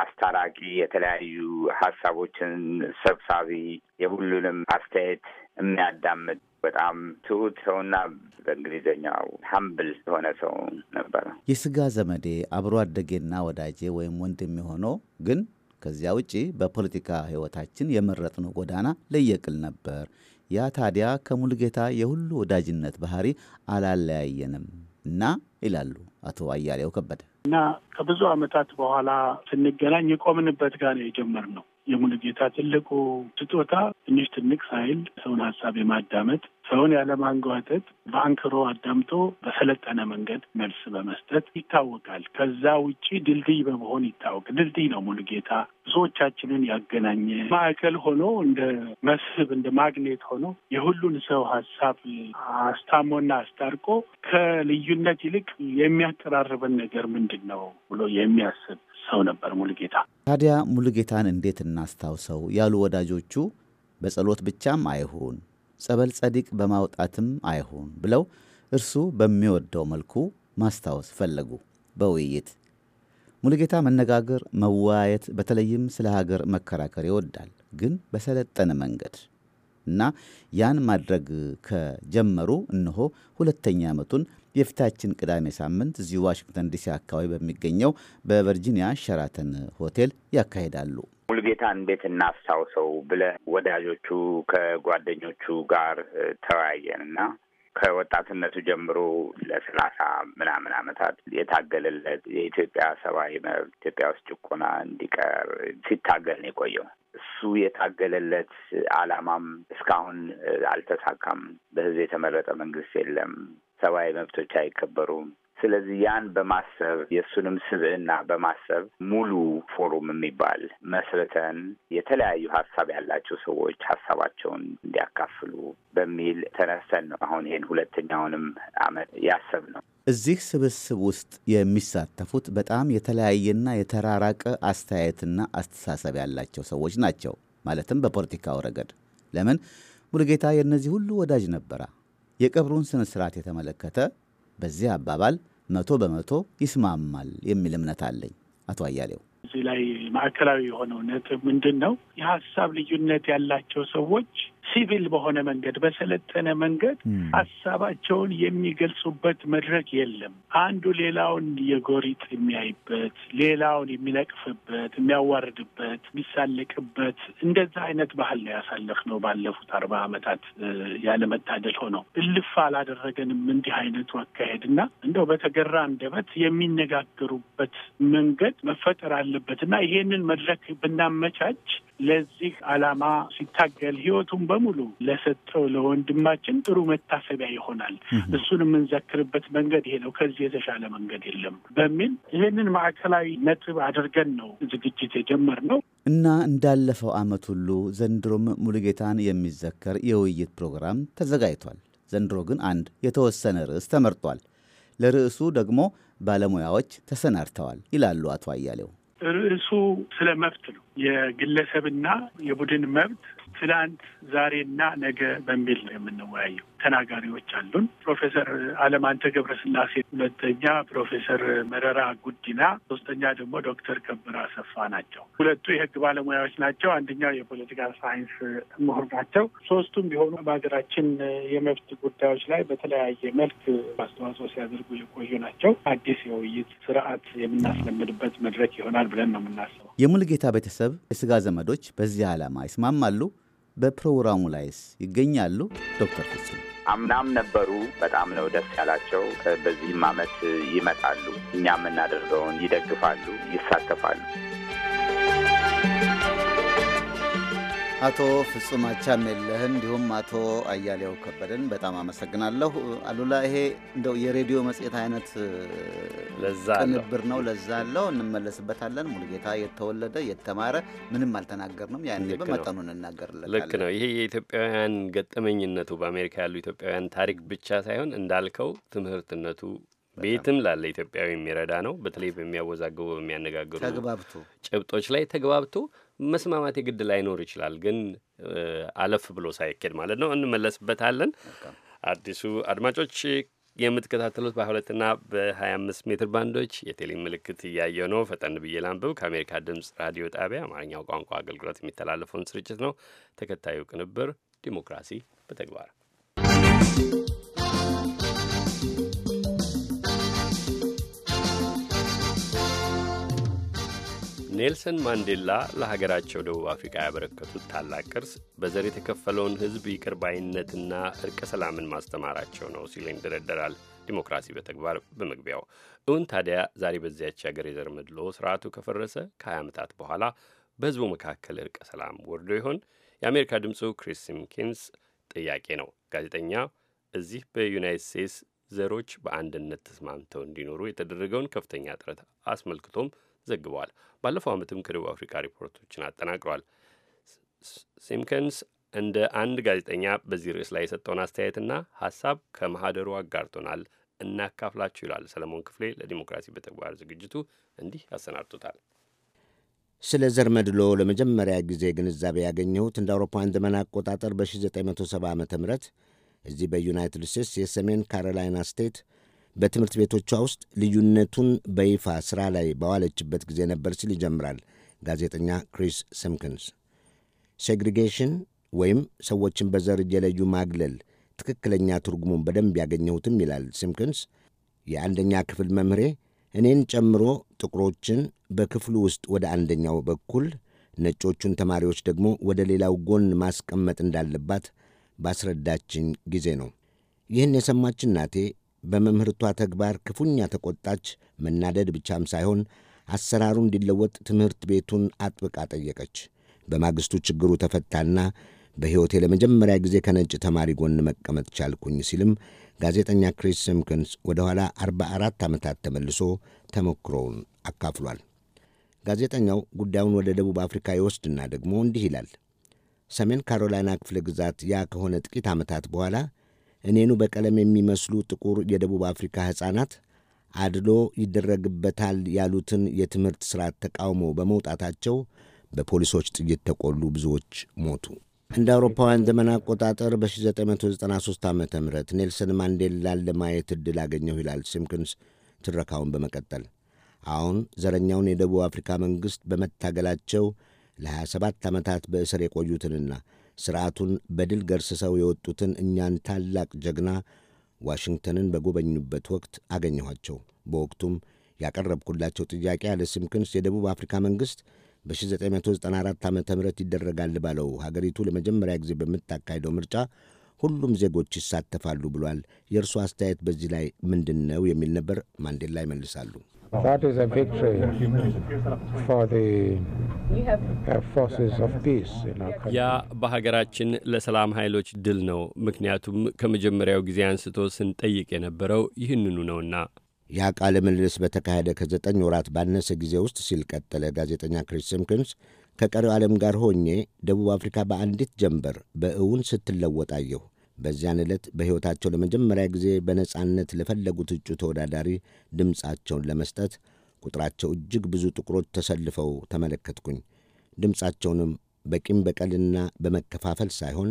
አስታራቂ፣ የተለያዩ ሀሳቦችን ሰብሳቢ፣ የሁሉንም አስተያየት የሚያዳምጥ በጣም ትሁት ሰውና በእንግሊዝኛው ሀምብል የሆነ ሰው ነበረ። የስጋ ዘመዴ አብሮ አደጌና ወዳጄ ወይም ወንድም የሆነው ግን ከዚያ ውጪ በፖለቲካ ሕይወታችን የመረጥነው ጎዳና ለየቅል ነበር። ያ ታዲያ ከሙልጌታ የሁሉ ወዳጅነት ባህሪ አላለያየንም እና ይላሉ አቶ አያሌው ከበደ። እና ከብዙ ዓመታት በኋላ ስንገናኝ የቆምንበት ጋር ነው የጀመርነው። የሙልጌታ ትልቁ ስጦታ ትንሽ ትንቅ ሳይል ሰውን ሀሳብ የማዳመጥ ሰውን ያለማንጓተት በአንክሮ አዳምጦ በሰለጠነ መንገድ መልስ በመስጠት ይታወቃል። ከዛ ውጪ ድልድይ በመሆን ይታወቅ። ድልድይ ነው ሙሉጌታ ብዙዎቻችንን ያገናኘ ማዕከል ሆኖ እንደ መስህብ እንደ ማግኔት ሆኖ የሁሉን ሰው ሀሳብ አስታሞና አስታርቆ ከልዩነት ይልቅ የሚያቀራርበን ነገር ምንድን ነው ብሎ የሚያስብ ሰው ነበር ሙሉጌታ። ታዲያ ሙሉጌታን እንዴት እናስታውሰው ያሉ ወዳጆቹ በጸሎት ብቻም አይሁን ጸበል ጸዲቅ በማውጣትም አይሁን ብለው እርሱ በሚወደው መልኩ ማስታወስ ፈለጉ። በውይይት ሙሉጌታ መነጋገር፣ መወያየት፣ በተለይም ስለ ሀገር መከራከር ይወዳል፣ ግን በሰለጠነ መንገድ እና ያን ማድረግ ከጀመሩ እነሆ ሁለተኛ ዓመቱን የፊታችን ቅዳሜ ሳምንት እዚሁ ዋሽንግተን ዲሲ አካባቢ በሚገኘው በቨርጂኒያ ሸራተን ሆቴል ያካሂዳሉ። ሙሉጌታ እንዴት እናስታውሰው ብለን ወዳጆቹ ከጓደኞቹ ጋር ተወያየን እና ከወጣትነቱ ጀምሮ ለሰላሳ ምናምን ዓመታት የታገለለት የኢትዮጵያ ሰብአዊ መብት ኢትዮጵያ ውስጥ ጭቆና እንዲቀር ሲታገል ነው የቆየው። እሱ የታገለለት ዓላማም እስካሁን አልተሳካም። በህዝብ የተመረጠ መንግስት የለም። ሰብአዊ መብቶች አይከበሩም። ስለዚህ ያን በማሰብ የእሱንም ስብዕና በማሰብ ሙሉ ፎሩም የሚባል መስርተን የተለያዩ ሀሳብ ያላቸው ሰዎች ሀሳባቸውን እንዲያካፍሉ በሚል ተነስተን ነው አሁን ይህን ሁለተኛውንም አመት ያሰብ ነው። እዚህ ስብስብ ውስጥ የሚሳተፉት በጣም የተለያየና የተራራቀ አስተያየትና አስተሳሰብ ያላቸው ሰዎች ናቸው። ማለትም በፖለቲካው ረገድ ለምን ሙሉጌታ የእነዚህ ሁሉ ወዳጅ ነበራ። የቀብሩን ስነ ስርዓት የተመለከተ በዚህ አባባል መቶ በመቶ ይስማማል የሚል እምነት አለኝ። አቶ አያሌው እዚህ ላይ ማዕከላዊ የሆነው ነጥብ ምንድን ነው? የሀሳብ ልዩነት ያላቸው ሰዎች ሲቪል በሆነ መንገድ በሰለጠነ መንገድ ሀሳባቸውን የሚገልጹበት መድረክ የለም። አንዱ ሌላውን የጎሪጥ የሚያይበት፣ ሌላውን የሚነቅፍበት፣ የሚያዋርድበት፣ የሚሳለቅበት እንደዛ አይነት ባህል ነው ያሳለፍነው ባለፉት አርባ ዓመታት ያለመታደል ሆነው እልፍ አላደረገንም እንዲህ አይነቱ አካሄድ እና እንደው በተገራ አንደበት የሚነጋገሩበት መንገድ መፈጠር አለበት እና ይሄንን መድረክ ብናመቻች ለዚህ ዓላማ ሲታገል ህይወቱን በሙሉ ለሰጠው ለወንድማችን ጥሩ መታሰቢያ ይሆናል። እሱን የምንዘክርበት መንገድ ይሄ ነው። ከዚህ የተሻለ መንገድ የለም በሚል ይህንን ማዕከላዊ ነጥብ አድርገን ነው ዝግጅት የጀመርነው እና እንዳለፈው ዓመት ሁሉ ዘንድሮም ሙሉጌታን የሚዘከር የውይይት ፕሮግራም ተዘጋጅቷል። ዘንድሮ ግን አንድ የተወሰነ ርዕስ ተመርጧል። ለርዕሱ ደግሞ ባለሙያዎች ተሰናድተዋል ይላሉ አቶ አያሌው። ርዕሱ ስለ መብት ነው። የግለሰብና የቡድን መብት ትላንት፣ ዛሬና ነገ በሚል ነው የምንወያየው። ተናጋሪዎች አሉን። ፕሮፌሰር አለማንተ ገብረስላሴ ሁለተኛ፣ ፕሮፌሰር መረራ ጉዲና ሶስተኛ ደግሞ ዶክተር ከበረ አሰፋ ናቸው። ሁለቱ የህግ ባለሙያዎች ናቸው። አንደኛው የፖለቲካ ሳይንስ ምሁር ናቸው። ሶስቱም ቢሆኑ በሀገራችን የመብት ጉዳዮች ላይ በተለያየ መልክ አስተዋጽኦ ሲያደርጉ የቆዩ ናቸው። አዲስ የውይይት ስርዓት የምናስለምድበት መድረክ ይሆናል ብለን ነው የምናስበው። የሙልጌታ ቤተሰብ የስጋ ዘመዶች በዚህ ዓላማ ይስማማሉ። በፕሮግራሙ ላይስ ይገኛሉ? ዶክተር ፍጹም አምናም ነበሩ። በጣም ነው ደስ ያላቸው። በዚህም አመት ይመጣሉ። እኛ የምናደርገውን ይደግፋሉ፣ ይሳተፋሉ። አቶ ፍጹም አቻሜለህን እንዲሁም አቶ አያሌው ከበደን በጣም አመሰግናለሁ። አሉላ፣ ይሄ እንደው የሬዲዮ መጽሔት አይነት ቅንብር ነው፣ ለዛ አለው። እንመለስበታለን። ሙሉጌታ የተወለደ የተማረ ምንም አልተናገርንም። ያኔ በመጠኑ እንናገርለታለን። ልክ ነው። ይሄ የኢትዮጵያውያን ገጠመኝነቱ በአሜሪካ ያሉ ኢትዮጵያውያን ታሪክ ብቻ ሳይሆን እንዳልከው ትምህርትነቱ ቤትም ላለ ኢትዮጵያዊ የሚረዳ ነው። በተለይ በሚያወዛግቡ በሚያነጋግሩ ተግባብቶ ጭብጦች ላይ ተግባብቶ መስማማት የግድ ላይኖር ይችላል። ግን አለፍ ብሎ ሳይኬድ ማለት ነው። እንመለስበታለን። አዲሱ አድማጮች የምትከታተሉት በ ና በ25 ሜትር ባንዶች የቴሌ ምልክት እያየው ነው። ፈጠን ብዬ ላንብብ። ከአሜሪካ ድምፅ ራዲዮ ጣቢያ አማርኛው ቋንቋ አገልግሎት የሚተላለፈውን ስርጭት ነው። ተከታዩ ቅንብር ዲሞክራሲ በተግባር ኔልሰን ማንዴላ ለሀገራቸው ደቡብ አፍሪካ ያበረከቱት ታላቅ ቅርስ በዘር የተከፈለውን ሕዝብ ይቅርባይነትና እርቀ ሰላምን ማስተማራቸው ነው ሲል ይንደረደራል ዲሞክራሲ በተግባር በመግቢያው። እውን ታዲያ ዛሬ በዚያች ሀገር የዘር መድሎ ስርዓቱ ከፈረሰ ከ20 ዓመታት በኋላ በሕዝቡ መካከል እርቀ ሰላም ወርዶ ይሆን? የአሜሪካ ድምፁ ክሪስ ሲምኪንስ ጥያቄ ነው። ጋዜጠኛ እዚህ በዩናይት ስቴትስ ዘሮች በአንድነት ተስማምተው እንዲኖሩ የተደረገውን ከፍተኛ ጥረት አስመልክቶም ዘግቧል። ባለፈው ዓመትም ከደቡብ አፍሪካ ሪፖርቶችን አጠናቅሯል። ሲምከንስ እንደ አንድ ጋዜጠኛ በዚህ ርዕስ ላይ የሰጠውን አስተያየትና ሀሳብ ከማህደሩ አጋርቶናል፣ እናካፍላችሁ ይላል ሰለሞን ክፍሌ። ለዲሞክራሲ በተግባር ዝግጅቱ እንዲህ አሰናድቶታል። ስለ ዘር መድሎ ለመጀመሪያ ጊዜ ግንዛቤ ያገኘሁት እንደ አውሮፓውያን ዘመን አቆጣጠር በ1970 ዓ ም እዚህ በዩናይትድ ስቴትስ የሰሜን ካሮላይና ስቴት በትምህርት ቤቶቿ ውስጥ ልዩነቱን በይፋ ሥራ ላይ በዋለችበት ጊዜ ነበር ሲል ይጀምራል ጋዜጠኛ ክሪስ ሲምኪንስ። ሴግሪጌሽን ወይም ሰዎችን በዘር እየለዩ ማግለል ትክክለኛ ትርጉሙን በደንብ ያገኘሁትም ይላል ሲምኪንስ፣ የአንደኛ ክፍል መምህሬ እኔን ጨምሮ ጥቁሮችን በክፍሉ ውስጥ ወደ አንደኛው በኩል ነጮቹን ተማሪዎች ደግሞ ወደ ሌላው ጎን ማስቀመጥ እንዳለባት ባስረዳችኝ ጊዜ ነው። ይህን የሰማች እናቴ በመምህርቷ ተግባር ክፉኛ ተቆጣች። መናደድ ብቻም ሳይሆን አሰራሩ እንዲለወጥ ትምህርት ቤቱን አጥብቃ ጠየቀች። በማግስቱ ችግሩ ተፈታና በሕይወቴ ለመጀመሪያ ጊዜ ከነጭ ተማሪ ጎን መቀመጥ ቻልኩኝ ሲልም ጋዜጠኛ ክሪስ ሲምኪንስ ወደ ኋላ 44 ዓመታት ተመልሶ ተሞክሮውን አካፍሏል። ጋዜጠኛው ጉዳዩን ወደ ደቡብ አፍሪካ ይወስድና ደግሞ እንዲህ ይላል። ሰሜን ካሮላይና ክፍለ ግዛት ያ ከሆነ ጥቂት ዓመታት በኋላ እኔኑ በቀለም የሚመስሉ ጥቁር የደቡብ አፍሪካ ሕፃናት አድሎ ይደረግበታል ያሉትን የትምህርት ሥርዓት ተቃውሞ በመውጣታቸው በፖሊሶች ጥይት ተቆሉ፣ ብዙዎች ሞቱ። እንደ አውሮፓውያን ዘመን አቆጣጠር በ1993 ዓ ም ኔልሰን ማንዴላን ለማየት ዕድል አገኘሁ ይላል ሲምክንስ ትረካውን በመቀጠል አሁን ዘረኛውን የደቡብ አፍሪካ መንግሥት በመታገላቸው ለ27 ዓመታት በእስር የቆዩትንና ስርዓቱን በድል ገርስሰው የወጡትን እኛን ታላቅ ጀግና ዋሽንግተንን በጎበኙበት ወቅት አገኘኋቸው። በወቅቱም ያቀረብኩላቸው ጥያቄ አለ ሲምክንስ የደቡብ አፍሪካ መንግሥት በ1994 ዓ ም ይደረጋል ባለው ሀገሪቱ ለመጀመሪያ ጊዜ በምታካሂደው ምርጫ ሁሉም ዜጎች ይሳተፋሉ ብሏል። የእርሱ አስተያየት በዚህ ላይ ምንድን ነው? የሚል ነበር። ማንዴላ ይመልሳሉ። That is a victory for the uh, forces of peace. ያ በሀገራችን ለሰላም ኃይሎች ድል ነው። ምክንያቱም ከመጀመሪያው ጊዜ አንስቶ ስንጠይቅ የነበረው ይህንኑ ነውና። ያ ቃለ ምልልስ በተካሄደ ከዘጠኝ ወራት ባነሰ ጊዜ ውስጥ ሲል ቀጠለ ጋዜጠኛ ክሪስ ሲምክንስ ከቀሪው ዓለም ጋር ሆኜ ደቡብ አፍሪካ በአንዲት ጀንበር በእውን ስትለወጥ በዚያን ዕለት በሕይወታቸው ለመጀመሪያ ጊዜ በነጻነት ለፈለጉት እጩ ተወዳዳሪ ድምፃቸውን ለመስጠት ቁጥራቸው እጅግ ብዙ ጥቁሮች ተሰልፈው ተመለከትኩኝ። ድምፃቸውንም በቂም በቀልና በመከፋፈል ሳይሆን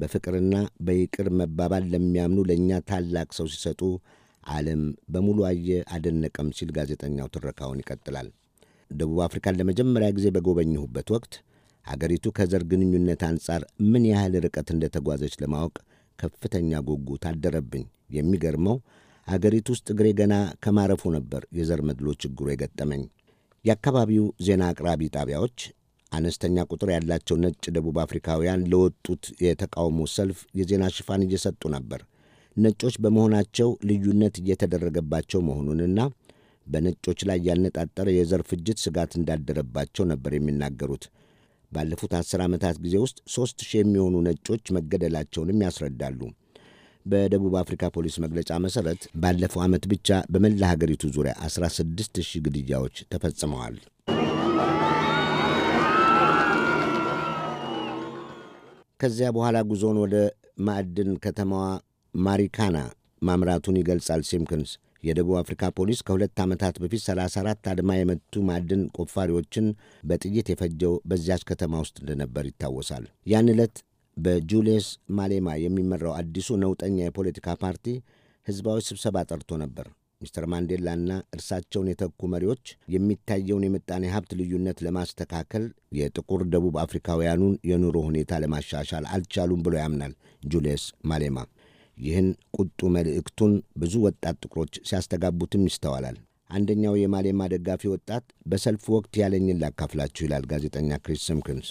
በፍቅርና በይቅር መባባል ለሚያምኑ ለእኛ ታላቅ ሰው ሲሰጡ ዓለም በሙሉ አየ፣ አደነቀም ሲል ጋዜጠኛው ትረካውን ይቀጥላል። ደቡብ አፍሪካን ለመጀመሪያ ጊዜ በጎበኘሁበት ወቅት አገሪቱ ከዘር ግንኙነት አንጻር ምን ያህል ርቀት እንደተጓዘች ለማወቅ ከፍተኛ ጉጉት አደረብኝ። የሚገርመው አገሪቱ ውስጥ እግሬ ገና ከማረፉ ነበር የዘር መድሎ ችግሩ የገጠመኝ። የአካባቢው ዜና አቅራቢ ጣቢያዎች አነስተኛ ቁጥር ያላቸው ነጭ ደቡብ አፍሪካውያን ለወጡት የተቃውሞ ሰልፍ የዜና ሽፋን እየሰጡ ነበር። ነጮች በመሆናቸው ልዩነት እየተደረገባቸው መሆኑንና በነጮች ላይ ያነጣጠረ የዘር ፍጅት ስጋት እንዳደረባቸው ነበር የሚናገሩት። ባለፉት አስር ዓመታት ጊዜ ውስጥ ሦስት ሺህ የሚሆኑ ነጮች መገደላቸውንም ያስረዳሉ። በደቡብ አፍሪካ ፖሊስ መግለጫ መሠረት ባለፈው ዓመት ብቻ በመላ ሀገሪቱ ዙሪያ 16 ሺህ ግድያዎች ተፈጽመዋል። ከዚያ በኋላ ጉዞውን ወደ ማዕድን ከተማዋ ማሪካና ማምራቱን ይገልጻል ሲምክንስ። የደቡብ አፍሪካ ፖሊስ ከሁለት ዓመታት በፊት 34 አድማ የመቱ ማዕድን ቆፋሪዎችን በጥይት የፈጀው በዚያች ከተማ ውስጥ እንደነበር ይታወሳል። ያን ዕለት በጁልየስ ማሌማ የሚመራው አዲሱ ነውጠኛ የፖለቲካ ፓርቲ ሕዝባዊ ስብሰባ ጠርቶ ነበር። ሚስተር ማንዴላና እርሳቸውን የተኩ መሪዎች የሚታየውን የምጣኔ ሀብት ልዩነት ለማስተካከል የጥቁር ደቡብ አፍሪካውያኑን የኑሮ ሁኔታ ለማሻሻል አልቻሉም ብሎ ያምናል ጁልየስ ማሌማ። ይህን ቁጡ መልእክቱን ብዙ ወጣት ጥቁሮች ሲያስተጋቡትም ይስተዋላል። አንደኛው የማሌማ ደጋፊ ወጣት በሰልፍ ወቅት ያለኝን ላካፍላችሁ ይላል ጋዜጠኛ ክሪስ ስምክንስ።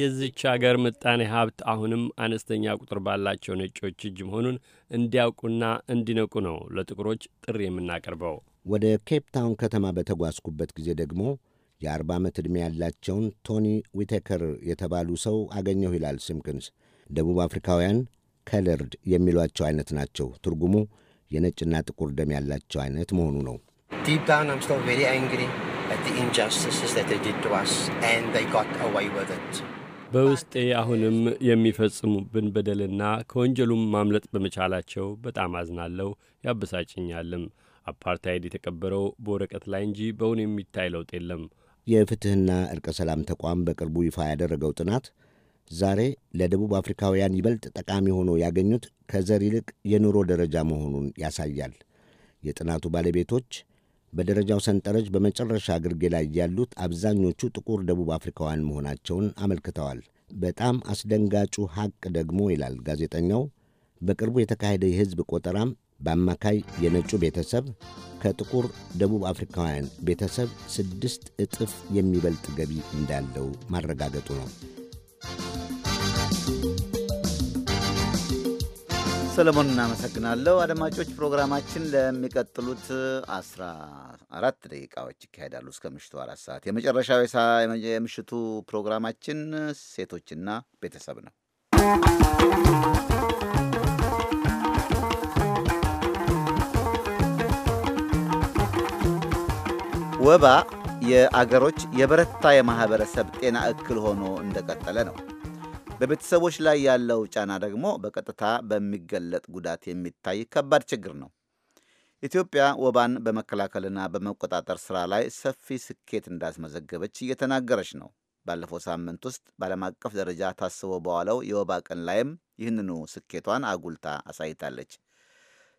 የዚች አገር ምጣኔ ሀብት አሁንም አነስተኛ ቁጥር ባላቸው ነጮች እጅ መሆኑን እንዲያውቁና እንዲነቁ ነው ለጥቁሮች ጥሪ የምናቀርበው። ወደ ኬፕ ታውን ከተማ በተጓዝኩበት ጊዜ ደግሞ የ40 ዓመት ዕድሜ ያላቸውን ቶኒ ዊቴከር የተባሉ ሰው አገኘሁ ይላል ሲምክንስ። ደቡብ አፍሪካውያን ከለርድ የሚሏቸው አይነት ናቸው። ትርጉሙ የነጭና ጥቁር ደም ያላቸው አይነት መሆኑ ነው። በውስጤ አሁንም የሚፈጽሙብን በደልና ከወንጀሉም ማምለጥ በመቻላቸው በጣም አዝናለሁ፣ ያበሳጭኛልም። አፓርታይድ የተቀበረው በወረቀት ላይ እንጂ በእውን የሚታይ ለውጥ የለም። የፍትሕና ዕርቀ ሰላም ተቋም በቅርቡ ይፋ ያደረገው ጥናት ዛሬ ለደቡብ አፍሪካውያን ይበልጥ ጠቃሚ ሆኖ ያገኙት ከዘር ይልቅ የኑሮ ደረጃ መሆኑን ያሳያል። የጥናቱ ባለቤቶች በደረጃው ሰንጠረዥ በመጨረሻ ግርጌ ላይ ያሉት አብዛኞቹ ጥቁር ደቡብ አፍሪካውያን መሆናቸውን አመልክተዋል። በጣም አስደንጋጩ ሐቅ ደግሞ ይላል ጋዜጠኛው፣ በቅርቡ የተካሄደ የሕዝብ ቆጠራም በአማካይ የነጩ ቤተሰብ ከጥቁር ደቡብ አፍሪካውያን ቤተሰብ ስድስት እጥፍ የሚበልጥ ገቢ እንዳለው ማረጋገጡ ነው። ሰለሞን እናመሰግናለሁ። አድማጮች ፕሮግራማችን ለሚቀጥሉት አስራ አራት ደቂቃዎች ይካሄዳሉ እስከ ምሽቱ አራት ሰዓት። የመጨረሻው የምሽቱ ፕሮግራማችን ሴቶችና ቤተሰብ ነው። ወባ የአገሮች የበረታ የማህበረሰብ ጤና እክል ሆኖ እንደቀጠለ ነው። በቤተሰቦች ላይ ያለው ጫና ደግሞ በቀጥታ በሚገለጥ ጉዳት የሚታይ ከባድ ችግር ነው። ኢትዮጵያ ወባን በመከላከልና በመቆጣጠር ስራ ላይ ሰፊ ስኬት እንዳስመዘገበች እየተናገረች ነው። ባለፈው ሳምንት ውስጥ በዓለም አቀፍ ደረጃ ታስቦ በዋለው የወባ ቀን ላይም ይህንኑ ስኬቷን አጉልታ አሳይታለች።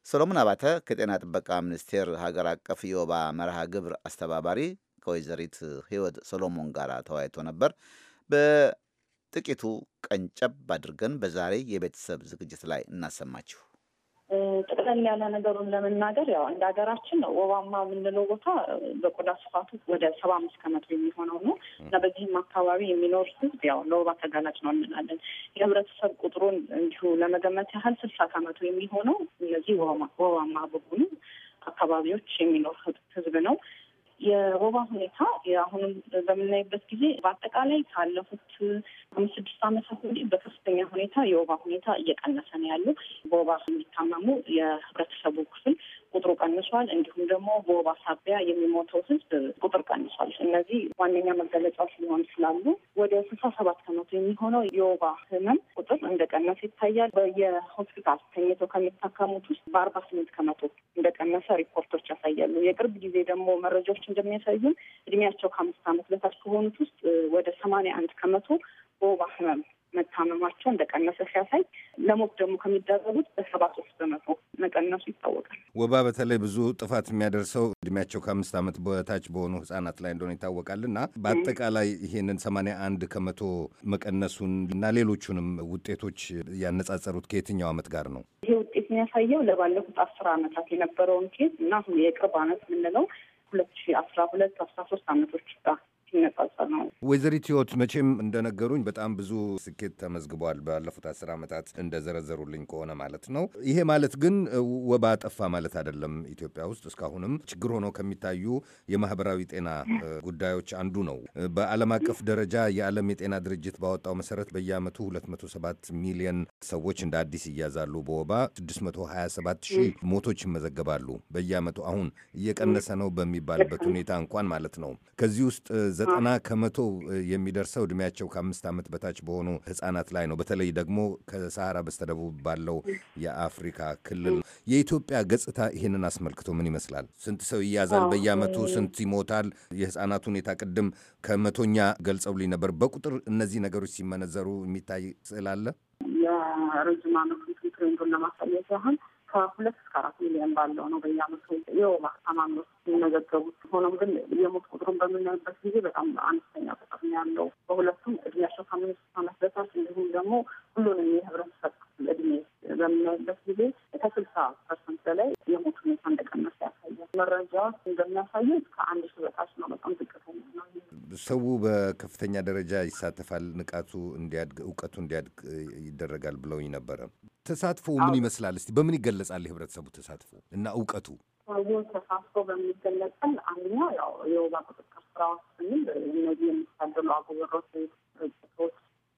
ሰሎሞን አባተ ከጤና ጥበቃ ሚኒስቴር ሀገር አቀፍ የወባ መርሃ ግብር አስተባባሪ ከወይዘሪት ህይወት ሰሎሞን ጋር ተወያይቶ ነበር። በጥቂቱ ቀንጨብ አድርገን በዛሬ የቤተሰብ ዝግጅት ላይ እናሰማችሁ። ጥቅለል ያለ ነገሩን ለመናገር ያው እንደ ሀገራችን ወባማ የምንለው ቦታ በቆዳ ስፋቱ ወደ ሰባ አምስት ከመቶ የሚሆነው ነው እና በዚህም አካባቢ የሚኖር ህዝብ ያው ለወባ ተጋላጭ ነው እንላለን። የህብረተሰብ ቁጥሩን እንዲሁ ለመገመት ያህል ስልሳ ከመቶ የሚሆነው እነዚህ ወባማ በሆኑ አካባቢዎች የሚኖር ህዝብ ነው። የወባ ሁኔታ አሁንም በምናይበት ጊዜ በአጠቃላይ ካለፉት አምስት ስድስት ዓመታት ወዲህ በከፍተኛ ሁኔታ የወባ ሁኔታ እየቀነሰ ነው ያሉ በወባ የሚታመሙ የህብረተሰቡ ክፍል ቁጥሩ ቀንሷል። እንዲሁም ደግሞ በወባ ሳቢያ የሚሞተው ህዝብ ቁጥር ቀንሷል። እነዚህ ዋነኛ መገለጫዎች ሊሆን ስላሉ ወደ ስልሳ ሰባት ከመቶ የሚሆነው የወባ ህመም ቁጥር እንደቀነሰ ይታያል። በየሆስፒታል ተኝተው ከሚታከሙት ውስጥ በአርባ ስምንት ከመቶ እንደቀነሰ ሪፖርቶች ያሳያሉ። የቅርብ ጊዜ ደግሞ መረጃዎች እንደሚያሳዩን እድሜያቸው ከአምስት ዓመት በታች ከሆኑት ውስጥ ወደ ሰማንያ አንድ ከመቶ በወባ ህመም መታመማቸው እንደቀነሰ ሲያሳይ ለሞት ደግሞ ከሚደረጉት በሰባ ሶስት በመቶ መቀነሱ ይታወቃል። ወባ በተለይ ብዙ ጥፋት የሚያደርሰው እድሜያቸው ከአምስት ዓመት በታች በሆኑ ህጻናት ላይ እንደሆነ ይታወቃል እና በአጠቃላይ ይሄንን ሰማንያ አንድ ከመቶ መቀነሱን እና ሌሎቹንም ውጤቶች ያነጻጸሩት ከየትኛው ዓመት ጋር ነው? ይሄ ውጤት የሚያሳየው ለባለፉት አስር ዓመታት የነበረውን ኬዝ እና የቅርብ ዓመት የምንለው ሁለት ሺ አስራ ሁለት አስራ ሶስት ዓመቶች ጋር ነው። ወይዘሪት ህይወት መቼም እንደነገሩኝ በጣም ብዙ ስኬት ተመዝግቧል ባለፉት አስር ዓመታት እንደዘረዘሩልኝ ከሆነ ማለት ነው። ይሄ ማለት ግን ወባ ጠፋ ማለት አይደለም። ኢትዮጵያ ውስጥ እስካሁንም ችግር ሆኖ ከሚታዩ የማህበራዊ ጤና ጉዳዮች አንዱ ነው። በዓለም አቀፍ ደረጃ የዓለም የጤና ድርጅት ባወጣው መሰረት በየዓመቱ 207 ሚሊዮን ሰዎች እንደ አዲስ ይያዛሉ በወባ 627 ሺህ ሞቶች ይመዘገባሉ በየአመቱ አሁን እየቀነሰ ነው በሚባልበት ሁኔታ እንኳን ማለት ነው። ከዚህ ውስጥ ዘጠና ከመቶ የሚደርሰው እድሜያቸው ከአምስት ዓመት በታች በሆኑ ህጻናት ላይ ነው። በተለይ ደግሞ ከሰሃራ በስተደቡብ ባለው የአፍሪካ ክልል የኢትዮጵያ ገጽታ ይህንን አስመልክቶ ምን ይመስላል? ስንት ሰው ይያዛል በየአመቱ ስንት ይሞታል? የህጻናት ሁኔታ ቅድም ከመቶኛ ገልጸውልኝ ነበር። በቁጥር እነዚህ ነገሮች ሲመነዘሩ የሚታይ ስዕል አለ። የረጅም ትሬንዱን ለማሳየት ያህል ከሁለት እስከ አራት ሚሊዮን ባለው ነው በየአመቱ የወባ ታማሚዎች የሚመዘገቡት ሆኖም ግን የሞት ቁጥሩን በምናይበት ጊዜ በጣም አነስተኛ ቁጥር ያለው በሁለቱም እድሜያቸው ከአምስት ዓመት በታች እንዲሁም ደግሞ ሁሉንም የህብረተሰብ ክፍል እድሜ በምናይበት ጊዜ ከስልሳ ፐርሰንት በላይ የሞት ሁኔታ እንደቀነሰ ያሳያል። መረጃ እንደሚያሳዩት ከአንድ ሺህ በታች ነው። በጣም ዝቅተኛ ነው። ሰው በከፍተኛ ደረጃ ይሳተፋል፣ ንቃቱ እንዲያድግ፣ እውቀቱ እንዲያድግ ይደረጋል ብለውኝ ነበረ። ተሳትፎ ምን ይመስላል? እስቲ በምን ይገለጻል የህብረተሰቡ ተሳትፎ እና እውቀቱ? ሰውን ተሳስቶ በሚገለጸል አንደኛው ያው የወባ ቁጥጥር ስራዎች ስንል እነዚህ የሚታደሉ አጉበሮች፣ ድርጅቶች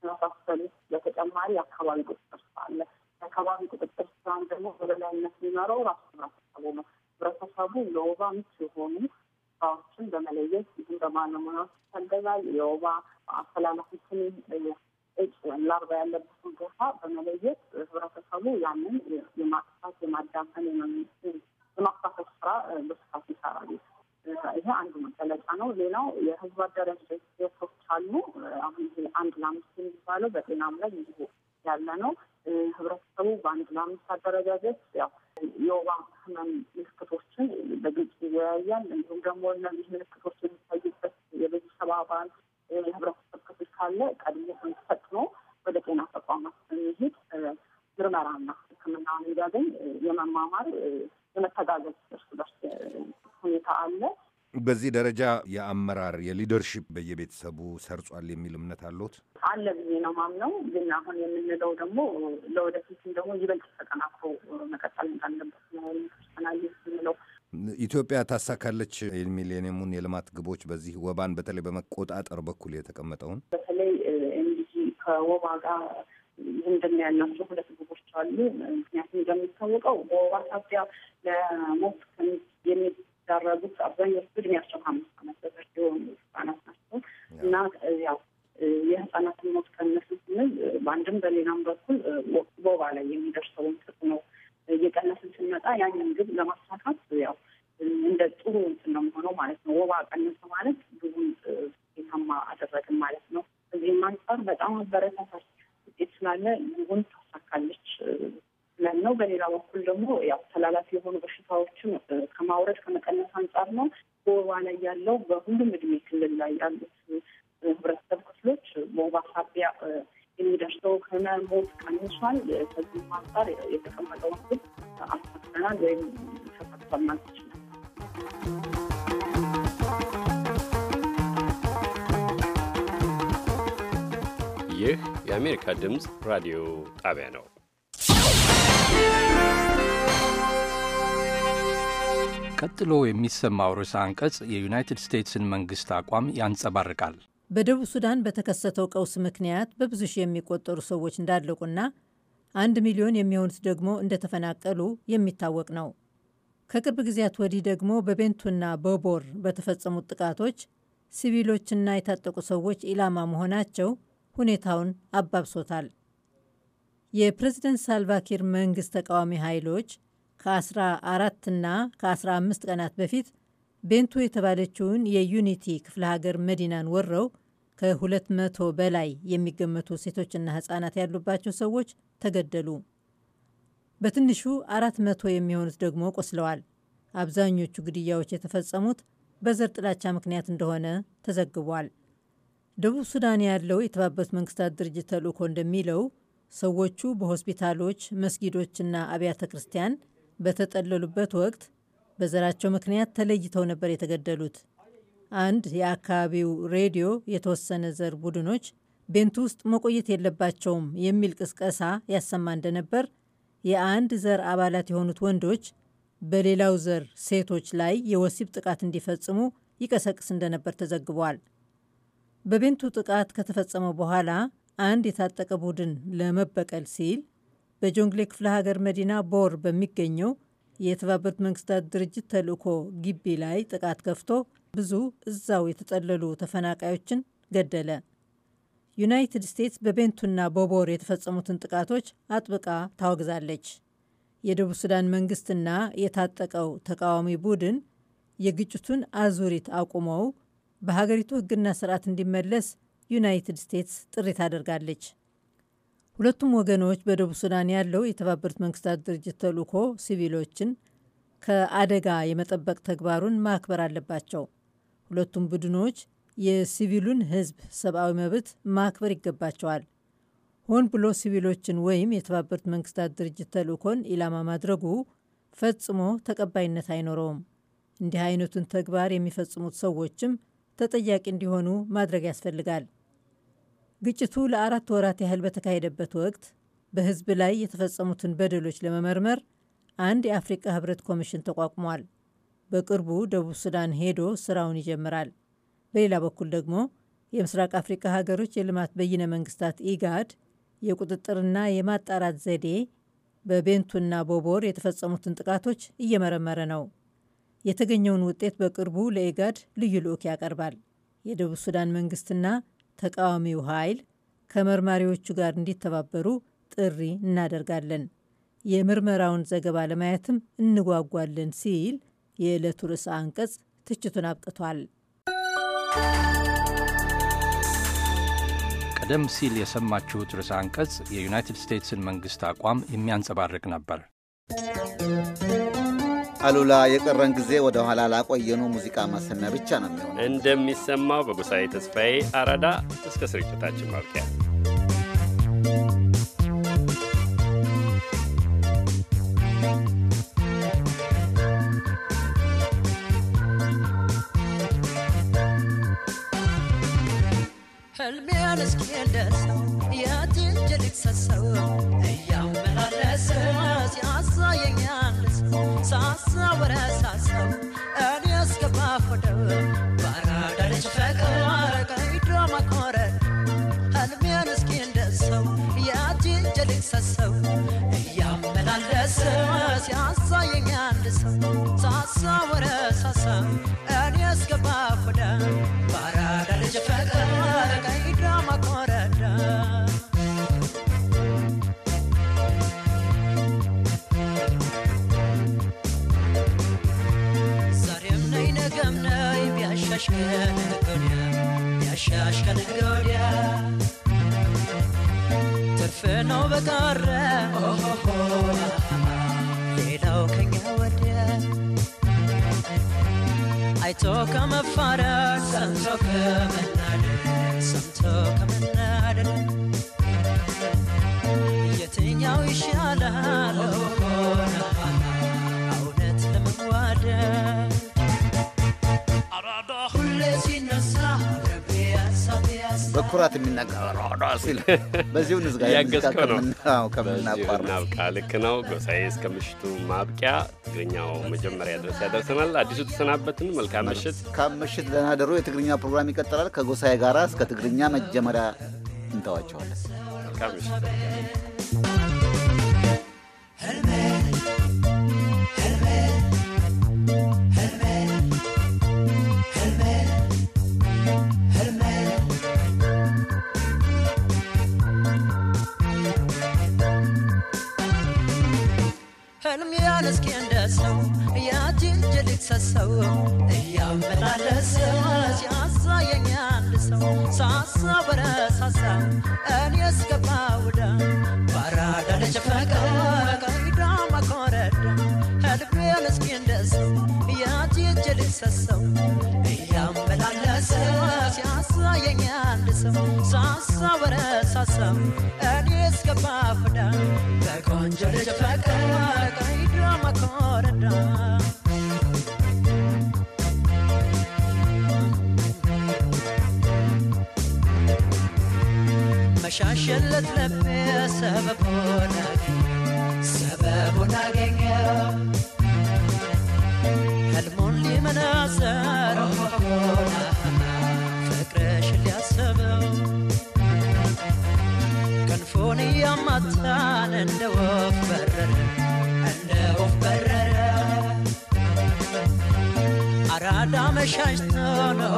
መሳሰሉት። በተጨማሪ የአካባቢ ቁጥጥር ስራ አለ። የአካባቢ ቁጥጥር ስራን ደግሞ በበላይነት የሚመራው ራሱ ህብረተሰቡ ነው። ህብረተሰቡ ለወባ ምቹ የሆኑ ስራዎችን በመለየት ይህም በባለሙያዎች ይታገዛል። የወባ አስተላላፊችን እጭ ላርባ ያለበትን ቦታ በመለየት ህብረተሰቡ ያንን የማጥፋት የማዳፈን የመምስ የማካፈት ስራ በስፋት ይሰራሉ። ይሄ አንዱ መገለጫ ነው። ሌላው የህዝብ አደረጃጀት ሴቶች አሉ። አሁን ይሄ አንድ ለአምስት የሚባለው በጤናም ላይ እንዲሁ ያለ ነው። ህብረተሰቡ በአንድ ለአምስት አደረጃጀት ያው የወባ ህመም ምልክቶችን በግልጽ ይወያያል። እንዲሁም ደግሞ እነዚህ ምልክቶች የሚታዩበት የቤተሰብ አባል የህብረተሰብ ክፍል ካለ ቀድሞ ፈጥኖ ወደ ጤና ተቋማት በመሄድ ምርመራና ሕክምናን እንዲያገኝ የመማማር የመተጋገዝ እርስ በርስ ሁኔታ አለ። በዚህ ደረጃ የአመራር የሊደርሽፕ በየቤተሰቡ ሰርጿል የሚል እምነት አለት አለ ብዬ ነው ማምነው። ግን አሁን የምንለው ደግሞ ለወደፊትም ደግሞ ይበልጥ ተጠናክሮ መቀጠል እንዳለበት ነው የምንለው። ኢትዮጵያ ታሳካለች የሚሊኒየሙን የልማት ግቦች በዚህ ወባን በተለይ በመቆጣጠር በኩል የተቀመጠውን በተለይ እንዲህ ከወባ ጋር ዝምድና ያላቸው ሁለት ግቦች አሉ። ምክንያቱም እንደሚታወቀው በወባ ሳቢያ ለሞት የሚዳረጉት አብዛኞቹ እድሜያቸው ከአምስት ዓመት በታች የሆኑ ህጻናት ናቸው እና ያው የህጻናትን ሞት ቀነስ ስንል በአንድም በሌላም በኩል ወባ ላይ የሚደርሰውን ተጽዕኖ እየቀነስን ስንመጣ ያንን ግብ ለማሳካት ያው እንደ ጥሩ እንትን ነው የሚሆነው ማለት ነው። ወባ ቀነሰ ማለት ብዙም ስኬታማ አደረግን ማለት ነው። እዚህም አንጻር በጣም አበረታታች ውጤት ስላለ ይሁን ታሳካለች መከላከል ነው። በሌላ በኩል ደግሞ ያው ተላላፊ የሆኑ በሽታዎችን ከማውረድ ከመቀነስ አንጻር ነው። በወባ ላይ ያለው በሁሉም እድሜ ክልል ላይ ያሉት ህብረተሰብ ክፍሎች በወባ ሳቢያ የሚደርሰው ህመም፣ ሞት ቀንሷል። ከዚህ አንጻር የተቀመጠውን ግብ አሳክተናል ወይም ተሳክቷል ማለት ይችላል። ይህ የአሜሪካ ድምፅ ራዲዮ ጣቢያ ነው። ቀጥሎ የሚሰማው ርዕሰ አንቀጽ የዩናይትድ ስቴትስን መንግስት አቋም ያንጸባርቃል። በደቡብ ሱዳን በተከሰተው ቀውስ ምክንያት በብዙ ሺህ የሚቆጠሩ ሰዎች እንዳለቁና አንድ ሚሊዮን የሚሆኑት ደግሞ እንደተፈናቀሉ የሚታወቅ ነው። ከቅርብ ጊዜያት ወዲህ ደግሞ በቤንቱና በቦር በተፈጸሙት ጥቃቶች ሲቪሎችና የታጠቁ ሰዎች ኢላማ መሆናቸው ሁኔታውን አባብሶታል። የፕሬዝደንት ሳልቫኪር መንግስት ተቃዋሚ ኃይሎች ከ14ና ከ15 ቀናት በፊት ቤንቱ የተባለችውን የዩኒቲ ክፍለ ሀገር መዲናን ወረው ከ200 በላይ የሚገመቱ ሴቶችና ህጻናት ያሉባቸው ሰዎች ተገደሉ። በትንሹ 400 የሚሆኑት ደግሞ ቆስለዋል። አብዛኞቹ ግድያዎች የተፈጸሙት በዘር ጥላቻ ምክንያት እንደሆነ ተዘግቧል። ደቡብ ሱዳን ያለው የተባበሩት መንግስታት ድርጅት ተልእኮ እንደሚለው ሰዎቹ በሆስፒታሎች መስጊዶችና አብያተ ክርስቲያን በተጠለሉበት ወቅት በዘራቸው ምክንያት ተለይተው ነበር የተገደሉት። አንድ የአካባቢው ሬዲዮ የተወሰነ ዘር ቡድኖች ቤንቱ ውስጥ መቆየት የለባቸውም የሚል ቅስቀሳ ያሰማ እንደነበር የአንድ ዘር አባላት የሆኑት ወንዶች በሌላው ዘር ሴቶች ላይ የወሲብ ጥቃት እንዲፈጽሙ ይቀሰቅስ እንደነበር ተዘግቧል። በቤንቱ ጥቃት ከተፈጸመ በኋላ አንድ የታጠቀ ቡድን ለመበቀል ሲል በጆንግሌ ክፍለ ሀገር መዲና ቦር በሚገኘው የተባበሩት መንግስታት ድርጅት ተልእኮ ግቢ ላይ ጥቃት ከፍቶ ብዙ እዛው የተጠለሉ ተፈናቃዮችን ገደለ። ዩናይትድ ስቴትስ በቤንቱና በቦር የተፈጸሙትን ጥቃቶች አጥብቃ ታወግዛለች። የደቡብ ሱዳን መንግስትና የታጠቀው ተቃዋሚ ቡድን የግጭቱን አዙሪት አቁመው በሀገሪቱ ሕግና ስርዓት እንዲመለስ ዩናይትድ ስቴትስ ጥሪ ታደርጋለች። ሁለቱም ወገኖች በደቡብ ሱዳን ያለው የተባበሩት መንግስታት ድርጅት ተልኮ ሲቪሎችን ከአደጋ የመጠበቅ ተግባሩን ማክበር አለባቸው። ሁለቱም ቡድኖች የሲቪሉን ህዝብ ሰብአዊ መብት ማክበር ይገባቸዋል። ሆን ብሎ ሲቪሎችን ወይም የተባበሩት መንግስታት ድርጅት ተልኮን ኢላማ ማድረጉ ፈጽሞ ተቀባይነት አይኖረውም። እንዲህ አይነቱን ተግባር የሚፈጽሙት ሰዎችም ተጠያቂ እንዲሆኑ ማድረግ ያስፈልጋል። ግጭቱ ለአራት ወራት ያህል በተካሄደበት ወቅት በሕዝብ ላይ የተፈጸሙትን በደሎች ለመመርመር አንድ የአፍሪቃ ህብረት ኮሚሽን ተቋቁሟል። በቅርቡ ደቡብ ሱዳን ሄዶ ስራውን ይጀምራል። በሌላ በኩል ደግሞ የምስራቅ አፍሪካ ሀገሮች የልማት በይነ መንግስታት ኢጋድ የቁጥጥርና የማጣራት ዘዴ በቤንቱና ቦቦር የተፈጸሙትን ጥቃቶች እየመረመረ ነው። የተገኘውን ውጤት በቅርቡ ለኢጋድ ልዩ ልዑክ ያቀርባል። የደቡብ ሱዳን መንግስትና ተቃዋሚው ኃይል ከመርማሪዎቹ ጋር እንዲተባበሩ ጥሪ እናደርጋለን። የምርመራውን ዘገባ ለማየትም እንጓጓለን ሲል የዕለቱ ርዕሰ አንቀጽ ትችቱን አብቅቷል። ቀደም ሲል የሰማችሁት ርዕሰ አንቀጽ የዩናይትድ ስቴትስን መንግሥት አቋም የሚያንጸባርቅ ነበር። አሉላ የቀረን ጊዜ ወደ ኋላ ላቆየኑ ሙዚቃ ማሰና ብቻ ነው የሚሆነው። እንደሚሰማው በጎሳዬ ተስፋዬ አራዳ እስከ ስርጭታችን ማብቂያ ሲል በዚሁ ንዝጋ ያገዝከው ነው ከምናቋርናብቃ ልክ ነው። ጎሳዬ እስከ ምሽቱ ማብቂያ ትግርኛው መጀመሪያ ድረስ ያደርሰናል። አዲሱ ተሰናበትን። መልካም ምሽት። መልካም ምሽት። ደህና ደሩ። የትግርኛ ፕሮግራም ይቀጥላል። ከጎሳዬ ጋራ እስከ ትግርኛ መጀመሪያ እንተዋቸዋለን። መልካም ምሽት። kalam adis ka pafda ka konjare chapakwa kai drama korada mashashallat lafa sababona sababona gengel እንደ ወፍ በረረ እንደ ወፍ በረረ አራዳ መሻሽቶ ነው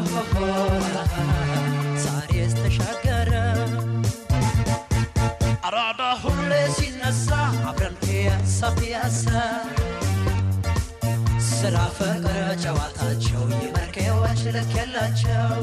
ዛሬስ ተሻገረ አራዳ ሁሌ ሲነሳ አብረን ፒያሳ ፒያሳ ስራ ፍቅር ጨዋታቸው የመርኬዎች ልክ የላቸው